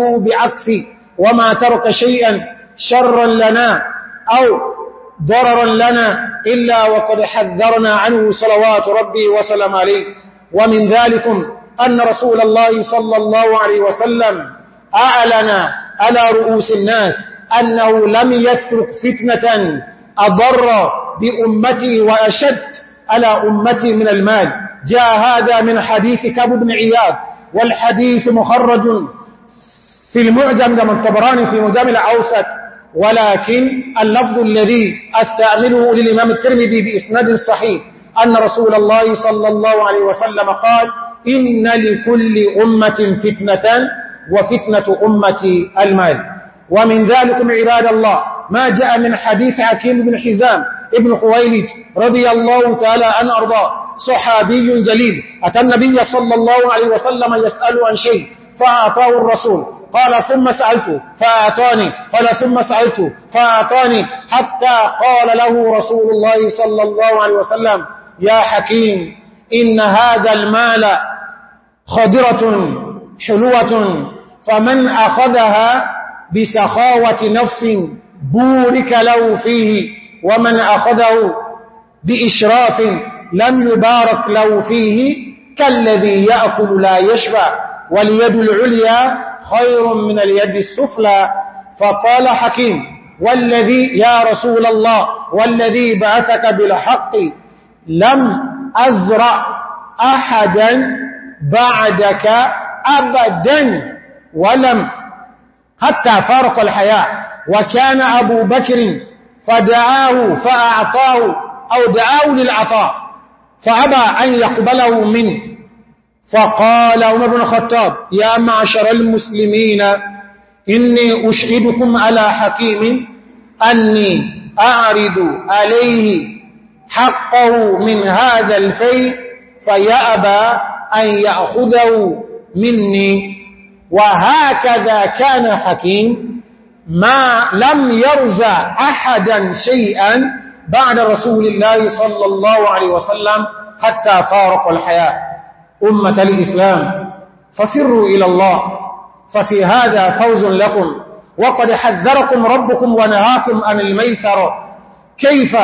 فأتوا بعكسي وما ترك شيئا شرا لنا أو ضررا لنا إلا وقد حذرنا عنه صلوات ربي وسلم عليه ومن ذلك أن رسول الله صلى الله عليه وسلم أعلن على رؤوس الناس أنه لم يترك فتنة أضر بأمتي وأشد على أمتي من المال جاء هذا من حديث كاب بن عياد والحديث مخرج في المعجم من الطبراني في مجام العوسط ولكن اللفظ الذي أستعمله للإمام الترمذي بإسناد صحيح أن رسول الله صلى الله عليه وسلم قال إن لكل أمة فتنة وفتنة أمتي المال ومن ذلكم عباد الله ما جاء من حديث حكيم بن حزام ابن خويلد رضي الله تعالى أن أرضاه صحابي جليل أتى النبي صلى الله عليه وسلم يسأل عن شيء فأعطاه الرسول قال ثم سألته فأعطاني قال ثم سألته فأعطاني حتى قال له رسول الله صلى الله عليه وسلم يا حكيم إن هذا المال خضرة حلوة فمن أخذها بسخاوة نفس بورك له فيه ومن أخذه بإشراف لم يبارك له فيه كالذي يأكل لا يشبع واليد العليا خير من اليد السفلى فقال حكيم والذي يا رسول الله والذي بعثك بالحق لم أزرع أحدا بعدك أبدا ولم حتى فارق الحياة وكان أبو بكر فدعاه فأعطاه أو دعاه للعطاء فأبى أن يقبله منه فقال عمر بن الخطاب يا معشر المسلمين إني أشهدكم على حكيم أني أعرض عليه حقه من هذا الفيء فيأبى أن يأخذه مني وهكذا كان حكيم ما لم يرزى أحدا شيئا بعد رسول الله صلى الله عليه وسلم حتى فارق الحياة أمة الإسلام ففروا إلى الله ففي هذا فوز لكم وقد حذركم ربكم ونهاكم عن الميسر كيف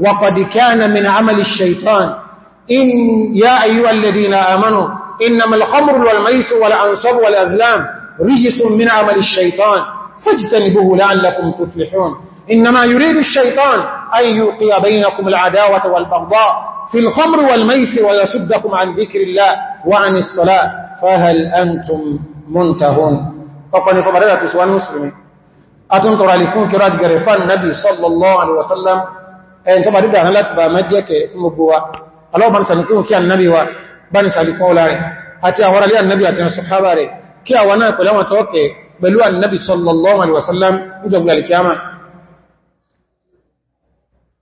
وقد كان من عمل الشيطان إن يا أيها الذين آمنوا إنما الخمر والميس والأنصب والأزلام رجس من عمل الشيطان فاجتنبوه لعلكم تفلحون إنما يريد الشيطان أن يوقي بينكم العداوة والبغضاء في الخمر والميس ويسدكم عن ذكر الله وعن الصلاة فهل أنتم منتهون فقال فبريرة سواء مسلمين أتنطر لكم كرات قريفان نبي صلى الله عليه وسلم أن تبريد أن لا تبا مجيك مبوا ألو بان سنكون كي النبي وبان سألكم لاري أتي لي النبي أتي الصحابة كي أولا قلوا توقي بلو النبي صلى الله عليه وسلم يجب للكيامة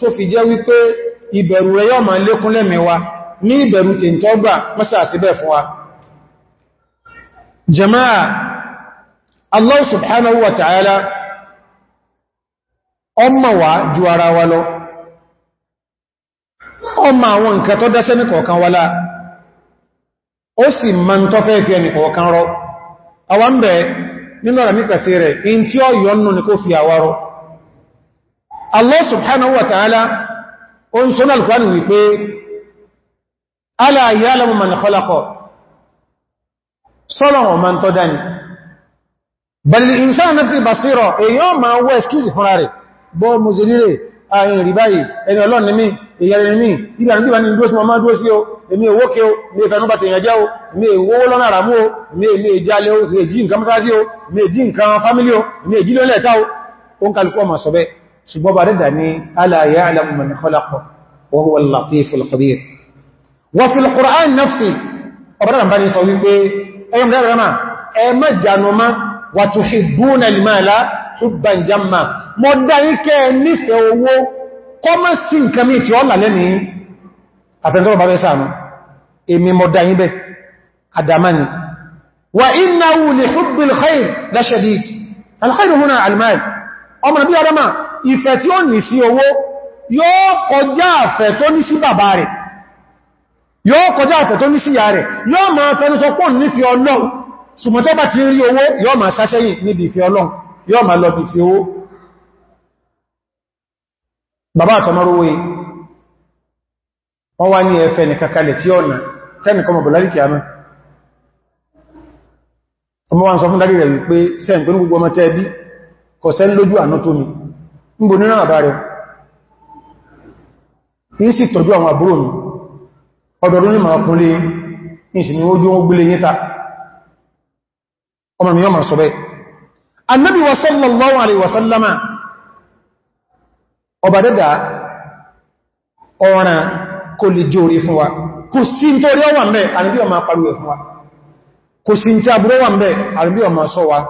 tó fi jẹ́ wípé ìbẹ̀rù rẹ̀ yọ́ ma lékún lẹ́mí wa ní ìbẹ̀rù tèntọ́gbà mọ́sá àsìbẹ̀ fún wa jama'a Allah subhanahu wa ta'ala ọmọ wa ju ara wa lọ ọmọ àwọn nǹkan tó dẹ́sẹ́ ní kọ̀ọ̀kan wala ó sì ma ń tọ́fẹ́ fi ẹni kọ̀ọ̀kan rọ bẹ̀ nínú ọ̀rọ̀ mípẹ̀sẹ̀ rẹ̀ in tí ó yọ́nù ni kó Allah subhanahu wa ta'ala ó ń sọ́nà alkwani wípé ala ya'lamu man khalaqa sọ́nà ọmọ tó dání bẹ̀lì ìsáà nafsi basira èyàn ma wọ́ ẹ̀skúsì fúnra rẹ̀ bọ́ mùsùlùmí ààrin ìrìbáyì ẹni ọlọ́ni mi ìyẹrin mi ibi àrùn díwà ní ìdúró sí ọmọ dúró sí o èmi èwókè o mi ìfẹ̀núbà tèèyàn jẹ́ o mi èwówó lọ́nà àràmú o mi èmi èjálẹ̀ o mi èjì ṣùgbọ́n bá dẹ́dà ní ala ya'lamu man khalaqa wa huwa al-latiful khabir wa fil Qur'an nafsi ọ̀bọ̀dá bá ní sọ wípé ẹyọm dáradára ẹ má jànúmá wa tuhibbuna al-mala hubban jamma mọ́ dáríkẹ́ nífẹ̀ẹ́ owó kọ́mọ́ sí khair la shadid al-khairu huna al-mal ọmọ nàbí adama ìfẹ́ tí ó ní sí owó yóò kọjá àfẹ́ tó ní sí bàbá rẹ̀ yóò kọjá àfẹ́ tó ní sí ìyá rẹ̀ yóò máa fẹ́nusọ pọ̀ nífẹ́ ọlọ́run ṣùgbọ́n tó bá ti rí owó yóò máa sáṣẹ́yìn níbi ìfẹ́ ọlọ́run yóò máa lọ bí ìfẹ́ owó bàbá àtọmọ́rúwé wọ́n wá ní kọ̀sẹ́ lójú anatomy níbo nínú àbá rẹ̀ kìí sì tọ́jú àwọn àbúrò mi ọdọ̀dún ní màá kúnlé ìsìnì ojú wọn gbílé yíta ọmọ mi sọ bẹ́ annabi wa sallallahu alaihi wa sallama ọba dẹ́dà ọ̀ràn kò lè jẹ́ orí fún wa kò sí ọwà mẹ́ ọmọ fún wa kò sí tí wà mẹ́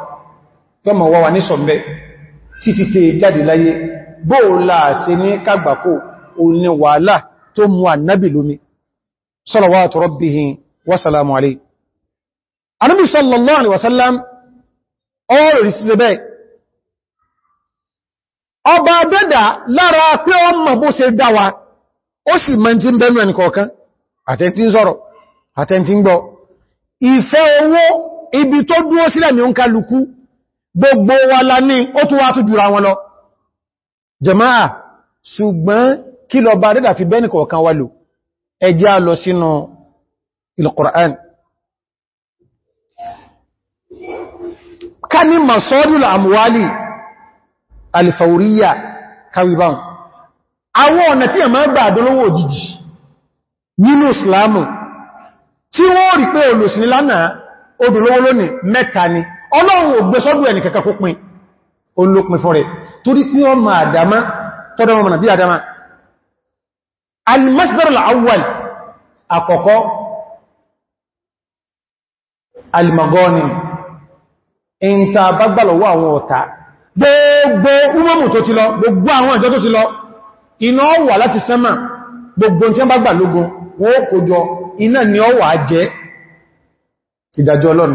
tọ́mọ̀ wọ́wà ní sọ̀m̀bẹ̀ títí tẹ jáde láyé bóòlá sí ní kàgbàkó òní wàhálà tó mú ànábì lómi salawatu rabbihi wa salamu alayhi ànábì sallallahu alaihi wasallam ọ̀rọ̀ rí sí bẹ́ẹ̀ ọba sọ̀rọ̀ àtẹ́ntí gbọ́ ìfẹ́ owó ibi tó dúró sílẹ̀ ní ó ń kálukú gbogbo wa la ní ó tún wá tún jùra wọn lọ jẹmáà ṣùgbọ́n kí lọ bá rẹ́dà fi bẹ́ẹ̀nì kọ̀ọ̀kan wà lò ẹjá lọ sínú il-Qur'an ká ní masọ́dúlà àmúwálì alifauriya kawibán àwọn ọ̀nà tí a máa gbà àdọ́lówó òjijì nínú islamu tí wọ́n rí pé olùsìnlánà odòlówó lónìí mẹ́ta ni ọlọ́run ò gbé sọ́dọ̀ ẹni kẹkẹ fún olópin fún rẹ̀ torí pí wọ́n ma àdámá tọ́dọ̀ wọn bí àdámá al-masdar al-awwal àkọ́kọ́ al-maghani ìntà bágbàlọ́wọ́ àwọn ọ̀tá gbogbo umamu tó ti lọ gbogbo àwọn àjọ tó ti lọ ìdájọ́ ọlọ́run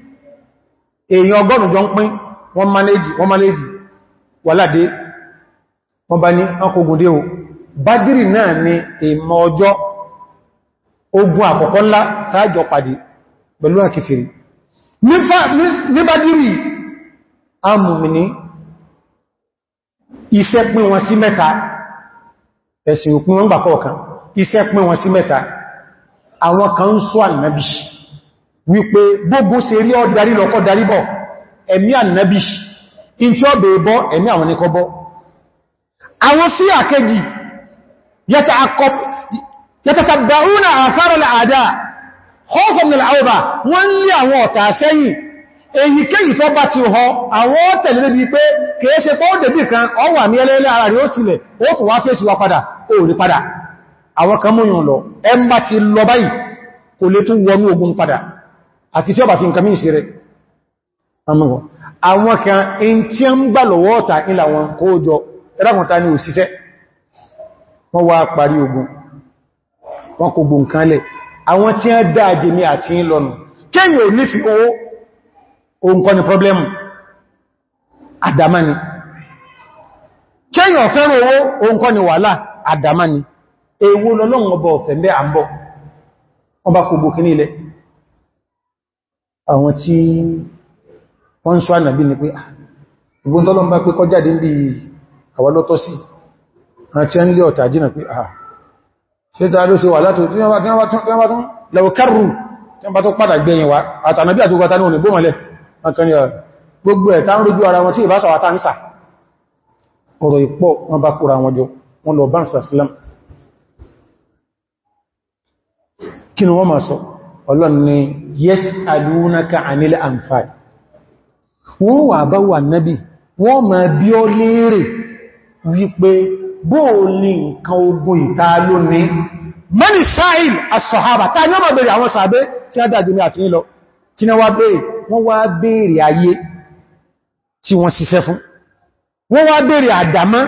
èèyàn ọgọ́rùn jọ ń pín wọ́n manéjì wọ́n manéjì wà ládé wọ́n bá ní ọkọ̀gùndé o bádìrì náà ni èèmọ̀ ọjọ́ ogun àkọ́kọ́ ńlá tààjọ pàdé pẹ̀lú àkìfèrè ní bádìrì amùmìní iṣẹ́ pín wọn sí mẹ́ta ẹ̀sìn òpin wọn gbà kọ̀ọ̀kan iṣẹ́ pín wọn sí mẹ́ta àwọn kan ń sọ ànábì wípé gbogbo ṣe rí ọ darí lọ́kọ́ darí bọ̀ ẹ̀mí ànábì in tí ó bèé bọ́ ẹ̀mí àwọn ní kọbọ́ àwọn sí àkẹjì yàtàtàbàúnà àfárọlẹ̀ àdá hókòmìnà àwọ̀bà wọ́n lé àwọn ọ̀tà sẹ́yìn èyíkéyìí tó bá ti họ àwọn tẹ̀lé bí pé kìí ṣe tó débì wa padà ó rí padà àwọn kan múyàn lọ ẹmbà ti lọ kò lè tún wọnú ogun padà àti tí ó bá fi nǹkan mí ìṣẹ́rẹ̀ àmọ́ àwọn kan in tí a ń gbà lọ́wọ́ ọ̀tá ilà wọn kó jọ ẹ̀rákùnta ni òṣìṣẹ́ wọ́n wá parí ogun wọn kò gbò nǹkan lẹ̀ àwọn tí a dáadé ní àti ń lọ́nu kéyìn ò ní fi owó ni pọ́blẹ́mù àdámáni kéyìn ọ̀fẹ́rù owó òǹkọ́ ni wàhálà àdámáni èwo lọ́lọ́run ọba ọ̀fẹ́ mẹ́ àmbọ̀ ọba àwọn tí wọ́n ń ṣọ́ ànàbí ni pé ìgbón ah, tọ́lọ́m bá pé kọjáde ń bí àwọlọ́tọ́ sí àti ẹn lé ọ̀tà jìnà pé àà ṣe tàà ló ṣe wà látò tí wọ́n bá tún lẹ́wọ̀kárù tí wọ́n bá tó padà gbẹ̀yìn wá àtànàbí àti ọgbàtà náà gbọ́mọ̀lẹ̀ gbogbo ẹ̀ tá ni yẹ́sàlúnaka ànílẹ̀ àǹfààl wọ́n wà bá wà nábi wọ́n ma bí ọ léèrè wípé bóò ní nǹkan ogun ìta lónìí mẹ́ni sáìl asọ̀hábà tá ní ọmọ bèèrè àwọn sàbé tí a dájú ní àti nílọ kí ni wá bèèrè wọ́n wá bèèrè ayé tí wọ́n ṣiṣẹ́ fún wọ́n wá bèèrè àdámá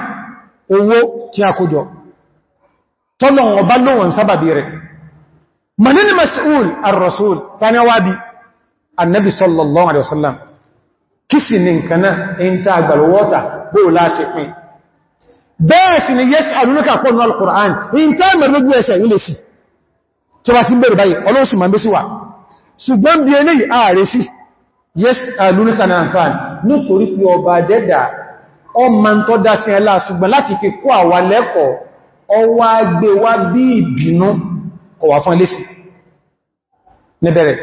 owó tí a kójọ tọ́lọ̀ ọba lóhun sábàbí rẹ̀ من المسؤول الرسول ثاني وابي النبي صلى الله عليه وسلم kìsì ní nǹkan náà èyí tàà gbàlọ́wọ́ta bó láṣẹ pín bẹ́ẹ̀ sì ni yẹ́sì àlúlùkà pọ̀ ní al-Qur'an èyí tàà mẹ́rin lójú ẹsẹ̀ ilé sí tí wà tí ń bẹ̀rẹ̀ báyìí ọlọ́sù ma ń bẹ́ sí wà ṣùgbọ́n bí ẹlẹ́ ààrẹ sí yẹ́sì àlúlùkà náà fàn nítorí pé ọba dẹ́dà ọmọ tó dá sí ẹlá ṣùgbọ́n láti fi kó àwa lẹ́kọ̀ọ́ ọwá gbé wá bí ìbínú ọwà fún ẹlẹ́sì níbẹ̀rẹ̀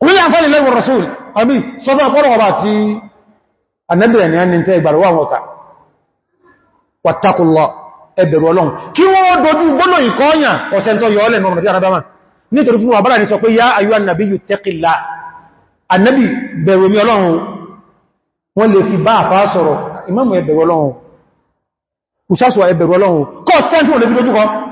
kúrò àfẹ́ ilẹ̀ rasul àbí sọ́fẹ́ ọ̀pọ̀rọ̀ ọba àti anẹ́bẹ̀rẹ̀ ni a ní tẹ́ ìgbàrọwà àwọn ọ̀ta wàtàkùnlọ ẹbẹ̀rù ọlọ́run kí wọ́n dojú gbọ́nà ìkọ́ọ̀yà ọ̀sẹ̀ntọ́ yọ́ọ̀lẹ̀ nọ̀rọ̀ tí arábámà nítorí fún àbára ní sọ pé yá ayú annabi yù tẹ́kìlá annabi bẹ̀rù mi ọlọ́run wọ́n lè fi bá àfá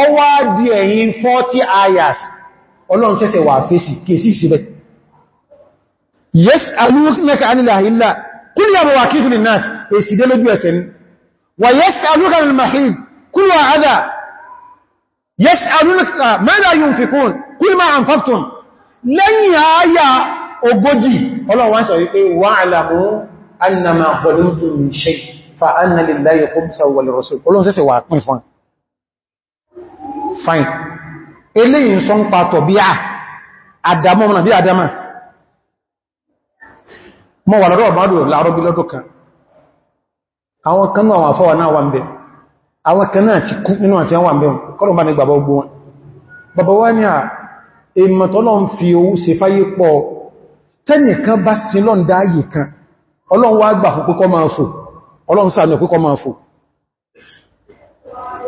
ọ wá di ẹ̀yìn 40 ayas ọlọ́run sẹ́sẹ̀ wà fèsì kèsì ìṣẹ́bẹ̀ yes alúkẹ́kẹ́ anílà ilá kúlù yàmọ̀ wà kífù ní náà èsì dé lójú ẹsẹ̀ ní wà yes alúkẹ́kẹ́ al-mahid kúlù wà adha yes alúkẹ́kẹ́ mẹ́lá yunfikun kúlù ma anfaqtum lẹ́yìn àyà ogójì ọlọ́run sọ wípé wa'lamu annama fine eléyìn sọ ń pàtọ̀ bí à àdámọ́ ọmọ bí àdámà mọ́ wà lọ́rọ̀ ọ̀bádò láàrọ̀ bí lọ́dún kan àwọn kan náà àfọwà náà wà ń bẹ àwọn kan náà ti kú nínú àti àwọn àmbẹ̀ kọ́lùmbà ní gbàbá ogbó wọn bàbá wá ní à fi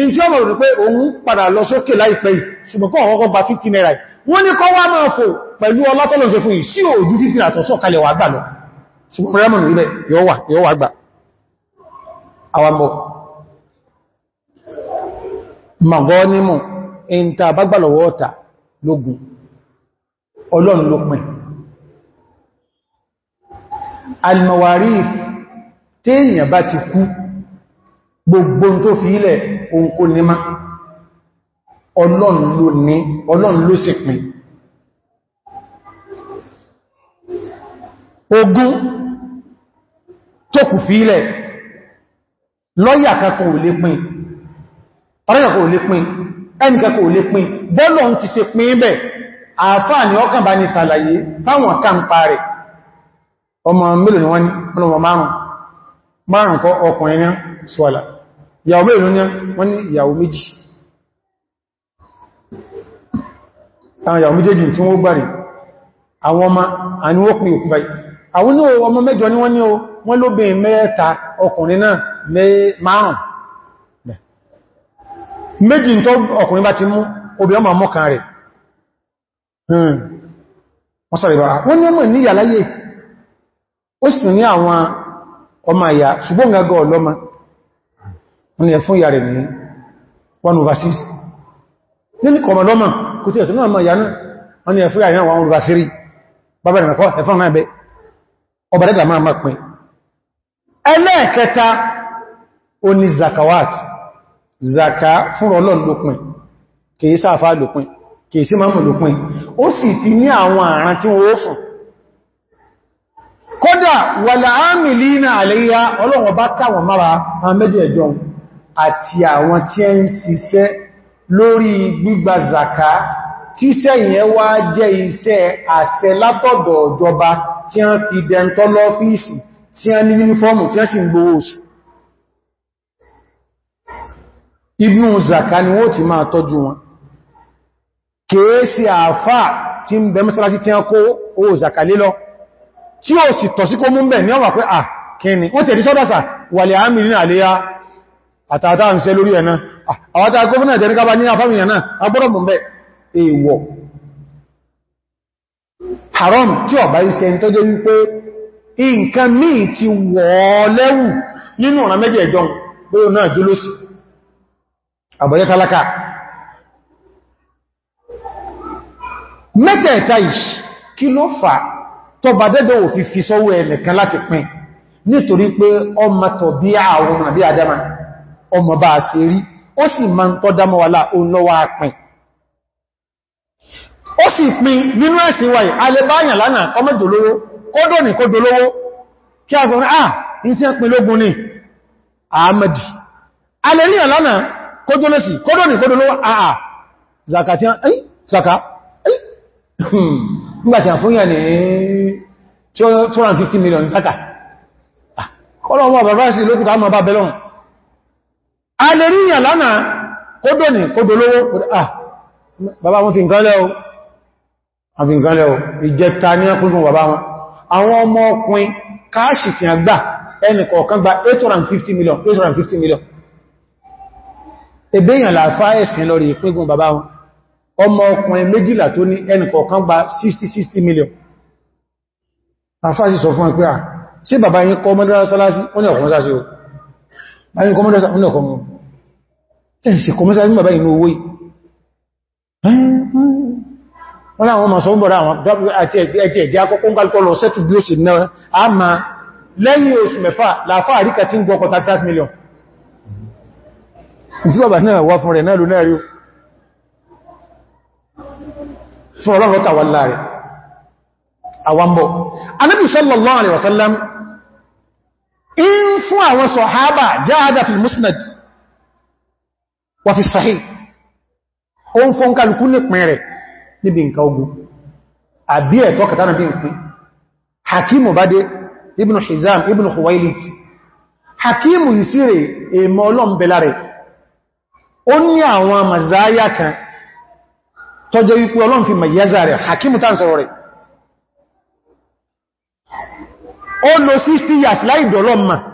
in tí ó mọ̀ rẹ̀ pé òun padà lọ sókè láìpẹ́ ṣùgbọ́n kọ́ ọkọ̀ bá 50 naira wọ́n ní kọ́ wá máa fò pẹ̀lú ọlọ́tọ́lọ́sẹ̀ fún ìsí òjú fífì àtọ́sọ́ kalẹ̀ wà gbà lọ ṣùgbọ́n rẹ̀ mọ̀ rí gbogbo tó fi ilẹ̀ ohun kó ní má ọlọ́run ló ní ọlọ́run ló sì pín ogún tó kù fi ilẹ̀ lọ́yà kakọ̀ ò lè pín ọ̀rẹ́yà kò lè pín ẹnìkà kò lè pín bọ́lọ̀ ti ṣe pín bẹ̀ àfáà ni ọkàn bá ní sàlàyé táwọn ká rẹ̀ ọmọ mélòó ni wọ́n ní ọmọ márùn-ún márùn-ún kọ́ ọkùnrin ní ṣwàlá ìyàwó mẹ́rin ní wọ́n ní ìyàwó méjì àwọn ìyàwó méjèèjì tí wọ́n gbàrí àwọn ọmọ àníwọ́pù yòókù báyìí àwọn ní ọmọ mẹ́jọ ní wọ́n ní wọ́n lóbin mẹ́ta ọkùnrin náà márùn méjì tó ọkùnrin bá ti mú obì hmm. wọ́n O wọ́n yẹ fún ìyà rẹ̀ ní 1 over 6 nínú kọmọdọ́mà kò tí ẹ̀tọ́ náà ma yánú wọ́n yẹ fún ìyà rẹ̀ 1 over 3 bàbá rẹ̀ mẹ́kọ́ ẹ̀fọ́n náà bẹ́ ọba rẹ̀gbà máa máa pín ẹlẹ́ẹ̀kẹta ó ní zakawat zaka fún Ọlọ́run ti kódà wàlàámìlì náà àlẹ́yà Ọlọ́run bá káwọn àti àwọn tí ẹ ń ṣiṣẹ́ lórí gbígba zaka tí sẹ́yìn wá jẹ́ iṣẹ́ àṣẹ látọ̀dọ̀ ìjọba tí a fi dẹntọ́ lọ́fíìsì tí a ní yúnífọ́ọ̀mù tí a sì gbówó oṣù ibnu zaka ni wọ́n ti máa tọ́jú wọn kèése àfà tí ń bẹ mọ́sálásí tí a kó owó zaka lélọ tí ó sì tọ̀ sí kó mú bẹ̀ ní ọwà pé à kíni ó tẹ̀rí àtàtà ń ṣe lórí ẹ̀nà ah, àwátà gómìnà jẹ́ ní kába ní àfáwìyàn náà agbọ́rọ̀ mọ̀ bẹ́ èèwọ̀ haram tí ọ̀bá iṣẹ́ tó jẹ́ wípé nǹkan míì ti wọ́ọ́lẹ́wù nínú ọ̀nà méjì ẹ̀jọ́n nítorí pé ọmọ tọ̀bí àwọn adama ọmọ bá ṣe rí ó sì ma ń tọ́ dámọ́ wà láà òun lọ́wọ́ apin ó sì pin nínú ẹ̀sìn wáyé alẹ́báyàn lánàá ọmọ jòlówó kódò ní kódò lówó kí agbọ̀n ah ní tí a pin lógún ní àmàdì alẹ́ríyàn lánàá kódò lẹ́sì kódò ní kódò lówó àà zakati ẹ́yí zaka ẹ́yí nígbàtí àfúnyà million zaka ah, kọ́lọ̀ ọmọ bàbá sí lókùnkà mọ́ bá bẹ́lọ́run a lè rí ìyàn lánàá kódò ní kódò lówó ah bàbá wọn fi nǹkan lẹ́o àfi nǹkan lẹ́o ìjẹta ní ẹkùnkùn bàbá wọn àwọn ọmọ ọkùnrin káàṣì tí a gbà ẹnì kọ̀ọ̀kan gba 850 million 850 million ebe èyàn làfá ẹ̀sìn lórí ìpíngun bàbá wọn ọmọ ọkùnrin méjìlá tó ní ẹnì kọ̀ọ̀kan gba 60 million àfáàsì sọ fún ẹgbẹ́ à sí bàbá yín kọ́ mọ́dúnrán sálásí ó ní ọkùnrin sáṣí ó báyín kọ́ mọ́dúnrán sálásí ó ní ọkùnrin ẹ̀sì kò mọ́sá ní bàbá inú owó wọ́n láwọn ọmọ sọ́wọ́n bọ̀rọ̀ àwọn àti ẹ̀jẹ̀ ẹ̀jẹ̀ akọ́kọ́ ń kálùkọ́ lọ sẹ́tù bí ó sì náà a ma lẹ́yìn oṣù mẹ́fà láàfá àríkà tí ń gbọ́kọ̀ 35 million tí bàbá náà wá fún rẹ̀ náà ló náà rí fún ọlọ́rọ̀ tàwà láàrẹ̀ àwambọ̀ anábì wà fi sahih o ń fọ́n kálukú lè pín rẹ̀ níbi nǹkan ogun àbí ẹ̀tọ́ kàtà náà bí nǹkan hakimu bá dé ibn hizam ibn khuwailid hakimu ìsírè èmọ́ ọlọ́m̀bẹ̀lá rẹ̀ ó ní àwọn mazaya kan tọ́jọ́ wípé ọlọ́m fi rẹ̀ hakimu tán sọ̀rọ̀ rẹ̀ ó lo 60 years láìdọ̀lọ́mà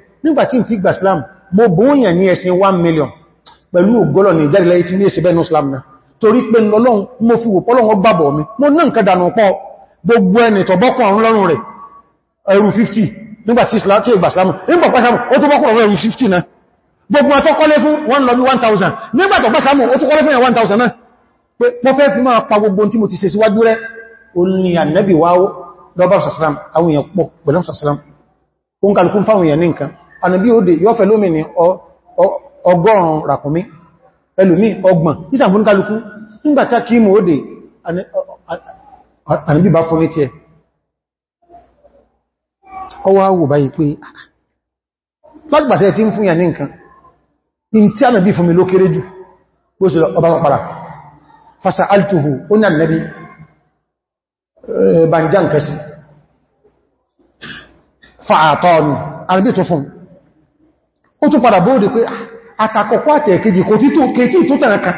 nígbàtí ò tí gbà Islam mo bóòyàn ní ẹ̀sìn 1 million pẹ̀lú ògbọ́lọ̀ ní ìjáde lẹ́yìn tí ní èsì bẹ́nu Islam náà torí pé lọ́lọ́run mo fi wò pọ́lọ́run gbàbọ̀ mi mo náà nǹkan dànù pọ̀ gbogbo ẹni tọ̀bọ́kùn àwọn lọ́rùn rẹ̀ ẹrù 50 nígbàtí Islam tí Islam nígbà pàṣàmù ó tó bọ́kùn àwọn ẹrù 50 náà gbogbo àtọ́kọ́lé fún wọ́n lọ bí 1000 nígbàtọ̀ pàṣàmù ó tó kọ́lé mo fẹ́ fi máa mo ti ṣe síwájú rẹ̀ ó ní ànẹ́bì wáwó lọ́bàrùsàsàràm àwọn èèyàn pọ̀ pẹ̀lú sàsàràm ó ń kàlùkún fáwọn èèyàn ní nǹkan ànàbí òde yóò fẹ́ lómi ní ọgọ́rùn-ún ràkúnmí ẹlòmí ọgbọ̀n ìsàn fún kálukú nígbàtá kí mú òde ànàbí bá fún ní tí ẹ ọwá wò báyìí pé lágbàtẹ́ tí ń fún yà ní nǹkan in tí ànàbí fún mi ló kéré jù bó sì eh, tó fún ó tún padà bóòdì pé ah, àtàkọ̀kọ́ àtẹ̀ẹ̀kejì kò títò kètí tó tẹ̀rẹ kan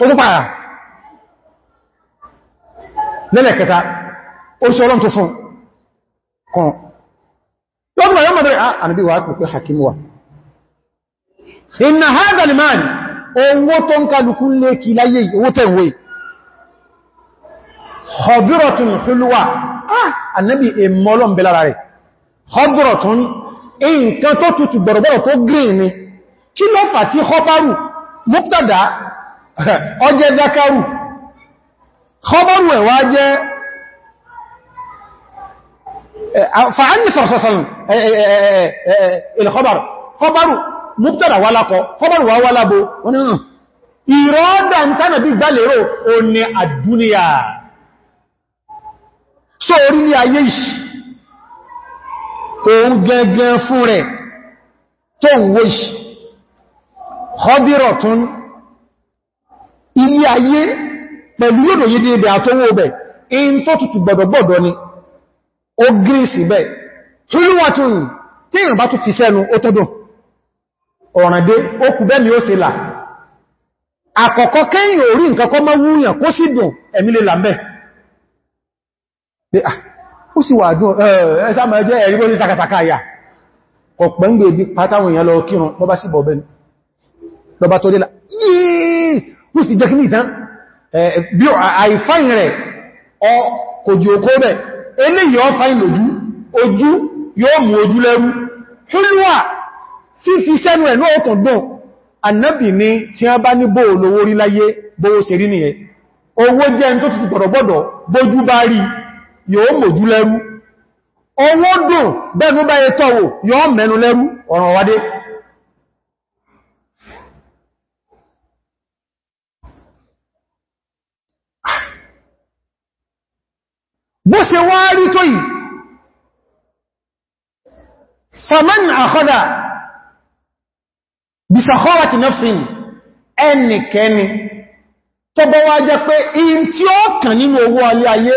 ó tún padà lẹ́lẹ̀kẹta ó ṣe ọlọ́n tó fún kan lọ́gbọ̀n yọ́ mọ̀bẹ̀rẹ̀ ah, ànàbí wà pẹ̀lú hakim wa inna hadha liman owó tó ń kálukú lé kí láyé owó tẹ̀wé khadiratun hulwa ah annabi e mọ́lọ́m belára rẹ̀ khadiratun nǹkan tó tutù gbọ̀rọ̀gbọ̀rọ̀ tó green ni kí ló fà tí kọbárù mọ́kàdá ọjẹ́ zakaru kọbárù ẹ̀wà jẹ́ fa'ánì sọ̀sọ̀sọ̀lù ilẹ̀kọbárù kọbárù mọ́kàdá wálákọ kọbárù wá wálábo ìrọ́dà ń tánà bí gbálẹ̀rọ òun gẹ́gẹ́ fún rẹ̀ tó ń wóṣì Khadiratun ilé ayé pẹ̀lú yóò yìí dìbẹ̀ àtọwọ́ bẹ̀ in tó tutù gbọ̀dọ̀gbọ̀dọ̀ ni ó gírísì bẹ̀ Hulwatun tí ìrìnbá tó fi sẹ́nu ó tọ́dún ọ̀ràndé ó kù bẹ́mi ó se là àkọ́kọ́ kẹ́yìn orí nǹkan kọ́ mọ́ wúyàn kó sì dùn ẹ̀mí lè làmbẹ̀ ó sì wà dùn ẹ̀ẹ́sàmà jẹ́ ẹ̀rí bó ní sàkàsàkà àyà ọ̀pẹ́ ń gbé ibi pátáwọn èèyàn lọ kírun lọ́bá sí bọ̀bẹ̀ lọ́bá tó délà yìí ó sì jẹ́ kí ní ìtàn bí àìfáìn rẹ̀ kò jù okó bẹ̀ eléyìí ó fáìn lójú ojú yóò mú ojú lẹ́rú húlúwà fífi sẹ́nu bá ní bóò lówó rí owó jẹ́ ń tó ti gbọ̀rọ̀gbọ̀dọ̀ bójú bá rí yóò mòjú lẹ́rú owó dùn bẹ́ẹ̀nú bá yẹ tọ́wò yóò mẹ́nu lẹ́rú ọ̀ràn wádé bó ṣe wá rí tó yìí faman àkọ́dà bisàkọ́wà ti nọ́fsìn ẹnikẹni tó bọ́ jẹ́ pé in tí ó kàn nínú owó alé ayé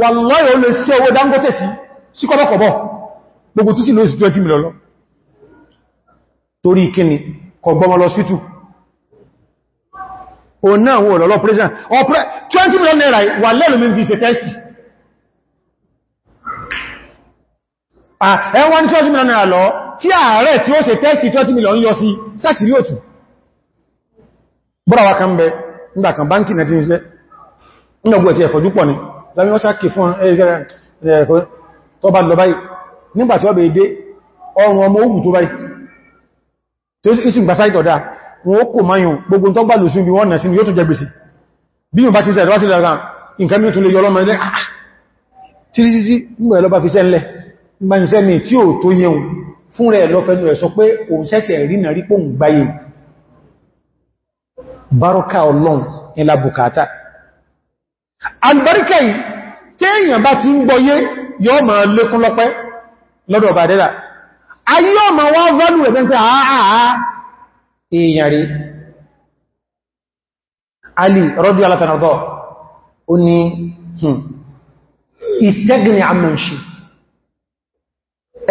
wallahi lè sí owó Dangote sí sí kọ́bọ̀kọ̀bọ̀ gbogbo títí ló sí 20 million lọ torí kíni kọgbọmọ lọ sí náà wọ́n 20 million naira wà 20 million naira lọ tí ààrẹ tí ó tẹ́sì 20 million yọ sí sẹ́sì rí òtù bọ́ra wa kan bẹ nígbàkan báńkì ṣe ni lábí wọ́n sáàkì fún ẹgbẹ̀rẹ̀ tó bá lọ báyìí nígbàtí ọbẹ̀ èdè ọrùn ọmọ ogun tó báyìí tó sì gbà sáì tọ̀dá wọn ó kò máyùn gbogbo tó gbà lò sí ibi wọ́n nà sí yóò tún jẹ gbèsè bí yóò bá ti sẹ̀rẹ̀ wá sí lára nǹkan mìí tún lè yọlọ́mọ ilẹ̀ ah, ah, tí sí sí mú ẹ̀ lọ fi sẹ́lẹ̀ ma ń sẹ́ni tí ò tó yẹun fún rẹ̀ lọ rẹ̀ sọ pé òun sẹ́sẹ̀ rí rí pòun bárọ́kà ọlọ́run ẹlà bùkátà albarka yìí tí èyàn bá ti ń gbọ́yé yóò máa lékún lọ́pẹ́ lọ́dọ̀ ọba dẹ́dà ayé ọmọ wá vánú ẹ̀bẹ́ pé àáàá èèyàn rí Ali rọ́dí alátànàdọ́ ó ní ìsẹ́gìnì hmm, amúnṣìt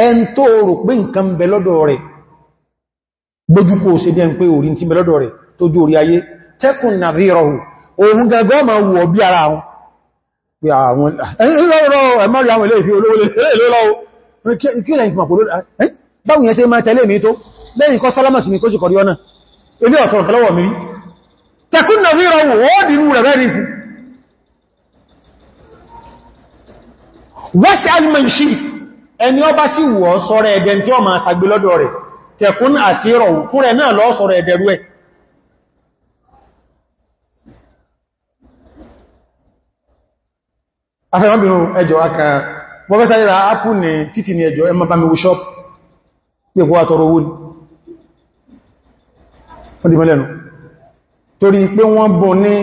ẹn tó rò pé nǹkan bẹ lọ́dọ̀ rẹ̀ gbójúkò òṣèdẹ́ ń pé orí ti bẹ lọ́dọ̀ rẹ̀ tó jú orí ayé tẹ́kùn nàzírọ̀hù ohun gẹ́gọ́ ma wọ̀ bí ara wọn pé àwọn ẹ̀rọ ẹ̀mọ́rí àwọn ilé ìfi olówó lè lọ́wọ́ kí lẹ́yìn fún àpòlò báwọn yẹn ṣe máa tẹ̀lé mi tó lẹ́yìn mi kó ṣùkọ̀rí ọ́nà ilé ọ̀tọ̀ ọ̀tọ̀lọ́wọ̀ west alman sheet ẹni ọba sí wọ́ sọ́rọ̀ ẹ̀dẹ̀ tí ọ máa sàgbélọ́dọ̀ rẹ̀ tẹkún àsírọ̀ fún rẹ̀ náà lọ́ sọ́rọ̀ ẹ̀dẹ̀rú ẹ̀ afẹ́rànbìnrin ẹjọ́ aka wọ́n fẹ́ sáyẹ̀rà ápù ní títì ní ẹjọ́ ẹmọ́ bá mi wúṣọ́pù pé kó àtọrọ owó ní wọ́n dìmọ́ lẹ́nu torí pé wọ́n bọ̀ ní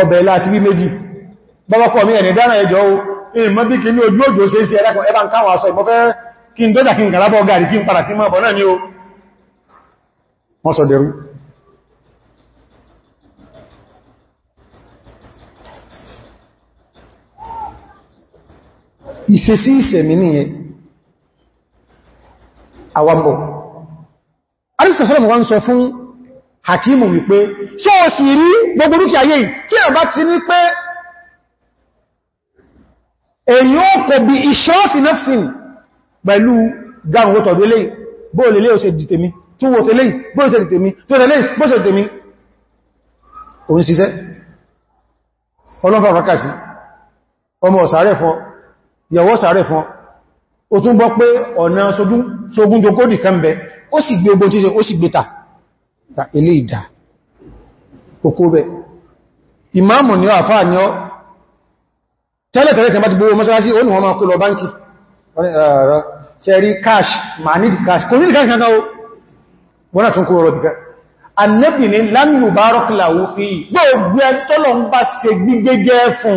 ọbẹ̀ láti bí méjì bọ́bọ́kọ̀ mi ẹ̀nì dára ẹjọ́ ìmọ́ bí kí ní ojú òjò ṣe é sí ẹ̀dàkọ̀ ìṣesí ìṣẹ̀mí nìyẹn àwàmbọ̀ arísìsọ́lọ́mù wọ́n sọ fún hakimu wípé ṣọ́ o sì rí gbogbo dúkìá yìí tí a bá ti ní pé èyí ó kò bí ìṣọ́ọ̀sì nafsin pẹ̀lú gáàrùn-ún-tọ̀dúnlé bóòlélé ó ṣe dìtèmí túnwòtélé bóòlélé dìtèmí tóòlélé bóòlélé dìtèmí òun ṣiṣẹ́ ọlọ́fà ọmọ ọ̀sàárẹ̀ yọwọ́ sàárẹ̀ fún ó tún gbọ́ pé ọ̀nà sógún jokódì kan bẹ ó sì gbé ogun tíṣe ó sì gbé ta ta ilé ìdá òkú bẹ ìmáàmù ni ó àfáà ni ó tẹ́lẹ̀tẹ́lẹ̀ tẹ́lẹ̀ tẹ́lẹ̀ gbogbo mọ́sánásí cash ma need cash kò nílì cash kankan ó wọ́n náà ni lámì mubarak lawo fi gbogbo ẹ tọ́lọ ń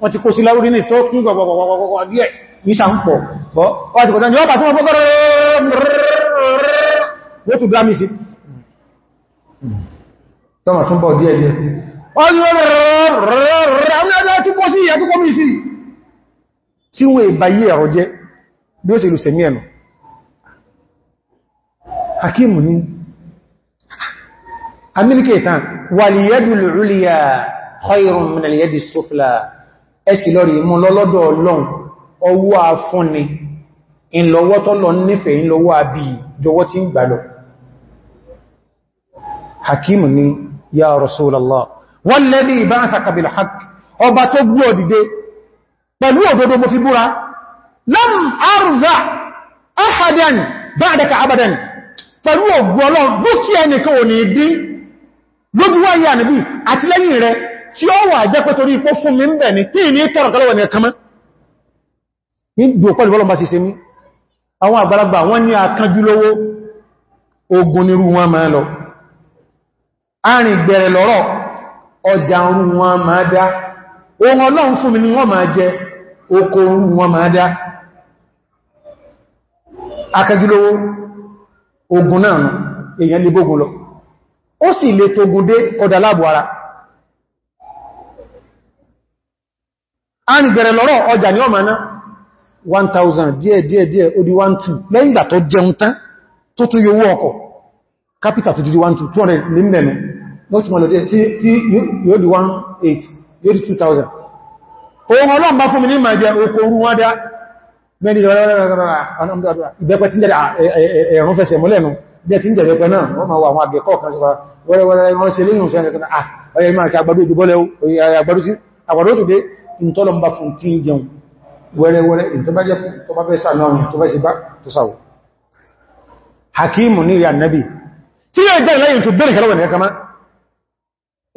wọ́n ti kó sí láwúrí ní tó kún gbogbogbogbogbogbogbò díẹ̀ ní sàǹpọ̀ bọ́ wọ́n ti kò dájú ọba tí wọ́n fọ́gọ́rọ̀ wó tù blámi sí tọ́mà tún bọ̀ díẹ̀ díẹ̀ Amílìkì ìtàn, wà lè yẹ́dù lè rúlìyà, khayrun min al-yadi as-sufla ẹsì lọ́rì mú lọ́lọ́dọ̀ ọlọ́run ọwọ́ afúnni ìlọ́wọ́ tọ́lọ nífẹ̀ẹ́ ìlọ́wọ́ àbí jọwọ́ tí ń gbàlọ̀ hakim ni ya rasulallah walladhi ba'athaka bil haqq ọba tó gbú ọdìde pẹ̀lú òdodo mo fi búra lam arza ahadan ba'daka abadan pẹ̀lú ògbọ́lọ́ bú kí ẹnìkan ò tí ó wà jẹ́ pé torí ipò fún mi ń bẹ̀ ní tí ní tọ́rọ̀kọ́lọ́wọ̀ ní ẹ̀kan mọ́ ní dùn pẹ̀lú bọ́lọ̀mbá sí se mí àwọn àgbàlagbà wọ́n ní ogun nírú wọn máa lọ arìn gbẹ̀rẹ̀ lọ́rọ̀ ọjà rú ma dá ni oko lọ ó sì lè togun dé a ń bẹ̀rẹ̀ lọ́rọ̀ ọjà ní ọmọ náà 1000 díẹ̀ díẹ̀ díẹ̀ ó di 12 lẹ́yìn ìgbà tó jẹun tán tó tún yóò ọkọ̀ capital tó di 12 200 ní mẹ́mẹ́ lọ́tùmọ̀lọ́ díẹ̀ tí yóò di 18 yóò di 2000 ohun ọlọ́run bá fún mi ní máa jẹ oko orú wọ́n dá mẹ́rin ìbẹ́pẹ́ tí ń jẹ́ ẹ̀rùn fẹsẹ̀ mọ́lẹ́nu bí ẹ ti ń jẹ́ ìbẹ́pẹ́ náà wọ́n máa wà àwọn àgbẹ̀kọ́ kan sí wẹ́rẹ́wẹ́rẹ́ wọ́n ṣe léyìn òṣèrè kan ah, àgbàdo ìdúbọ́lẹ̀ àgbàdo tó dé ìntọ́lọmbá fún tí jẹun wẹ́rẹ́wẹ́rẹ́ ìntọ́bájẹ́ tó bá fẹ́ sànà ọ̀yìn tó fẹ́ sí bá tó sáwọ̀ hakimu ní rí annabi tí yẹ jẹ́ lẹ́yìn tó bẹ́rẹ̀ kẹrọwẹ̀ nìkan máa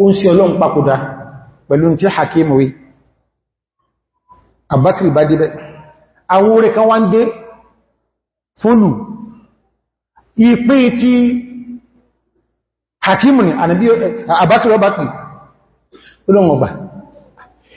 ó ọlọ́run papòdá pẹ̀lú hakimu wí abakiri bá débẹ̀ àwọn orí kan wá ń dé fónù ìpín tí hakimu ọba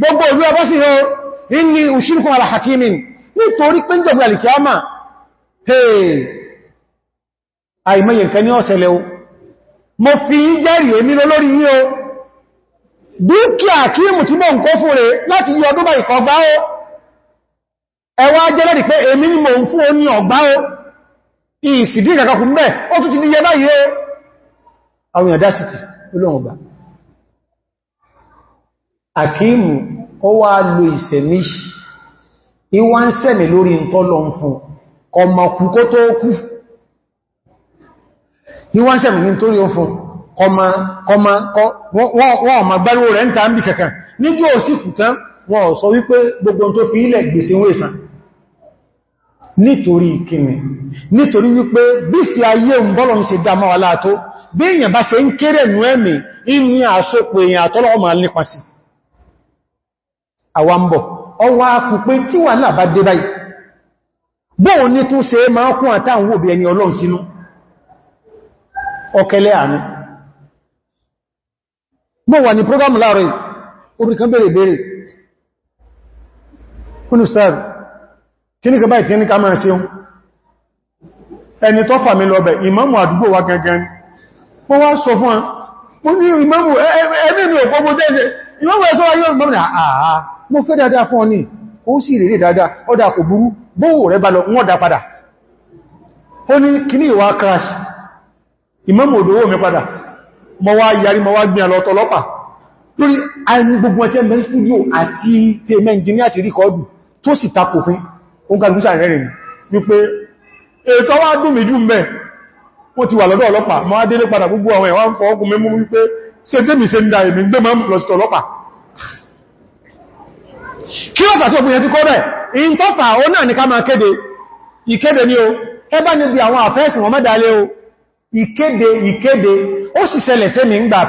gbogbo ìlú ọbọ́ sí rẹ̀ inni ushirkum ala hakimin nítorí pé ń jọ̀gbà alìkìyàmà àìmọye nǹkan ní ọ̀sẹ̀lẹ̀ o mo fi jẹ́rì èmi lórí yí o dúkìá kí mù tí mọ́ nǹkan fún rẹ̀ láti yí ọdún báyìí kọgbá o ẹwà jẹ́rì pé èmi ni mo ń fún oní ọgbá o ìsìdí ìkàkàkùn mẹ́ ó tún ti di yẹ báyìí o àwọn àkíìmù ó wá lo ìsẹ̀míṣì ìwá ń sẹ̀mì lórí ìtọ́lọ fún ọmọkù kó tó kú ìwá ń sẹ̀mì ní torí fún wọ́n ọmọ gbẹ́rù rẹ̀ ń ta ń bí kankan níjú tán wọ́n sọ gbogbo tó fi ilẹ̀ gbèsè wé ìsàn nítorí ìkìnnì nítorí wípé bí fi ayé ń bọ́lọ̀ ń ṣe dámọ́ aláàtó bí èyàn bá ṣe ń kéré nú ẹ̀mí inú àtọ́lọ́ ọmọ àwambọ̀ ọwọ́ akù pé tí wà náà bá dé báyìí bóò ní tún ṣe ma kún àtàwọn òbí ẹni ọlọ́run sínú ọkẹlẹ́ àánú mọ́ wà ní prógámù láàrin orí kan bèèrè bèèrè kúnnù sáàrì kí ní ní ká máa ẹni tó fà mí lọ́bẹ̀ àdúgbò wọ́n wá sọ fún ní ẹ̀mí mi ò pọ́gbọ́ mo fẹ́ dáadáa fún ọ ní ó sì rèrè dáadáa ọdá kò burú bóò rẹ bá lọ wọ́n dá padà ó ní kíní ìwà crash ìmọ́mù òdòwò mi padà mọ́ wá yarí mọ́ wá lórí àìní gbogbo ẹ̀tẹ́ mẹ́ studio àti ìjìnlẹ̀ àti ríkọ́ọ̀dù tó sì fún wá dùn mẹ́ ó ti wà lọ́dọ̀ ọlọ́pàá mọ́ adélé padà gbogbo àwọn ẹ̀wà ń fọ́ wípé sí mi se ń kí ó fàtí ògbìyàn ti kọ́ bẹ̀ in tó fà ó náà ní ká máa kéde ìkéde ní o ẹbá níbi àwọn wọn o ìkéde ìkéde ó sì mi ń gbà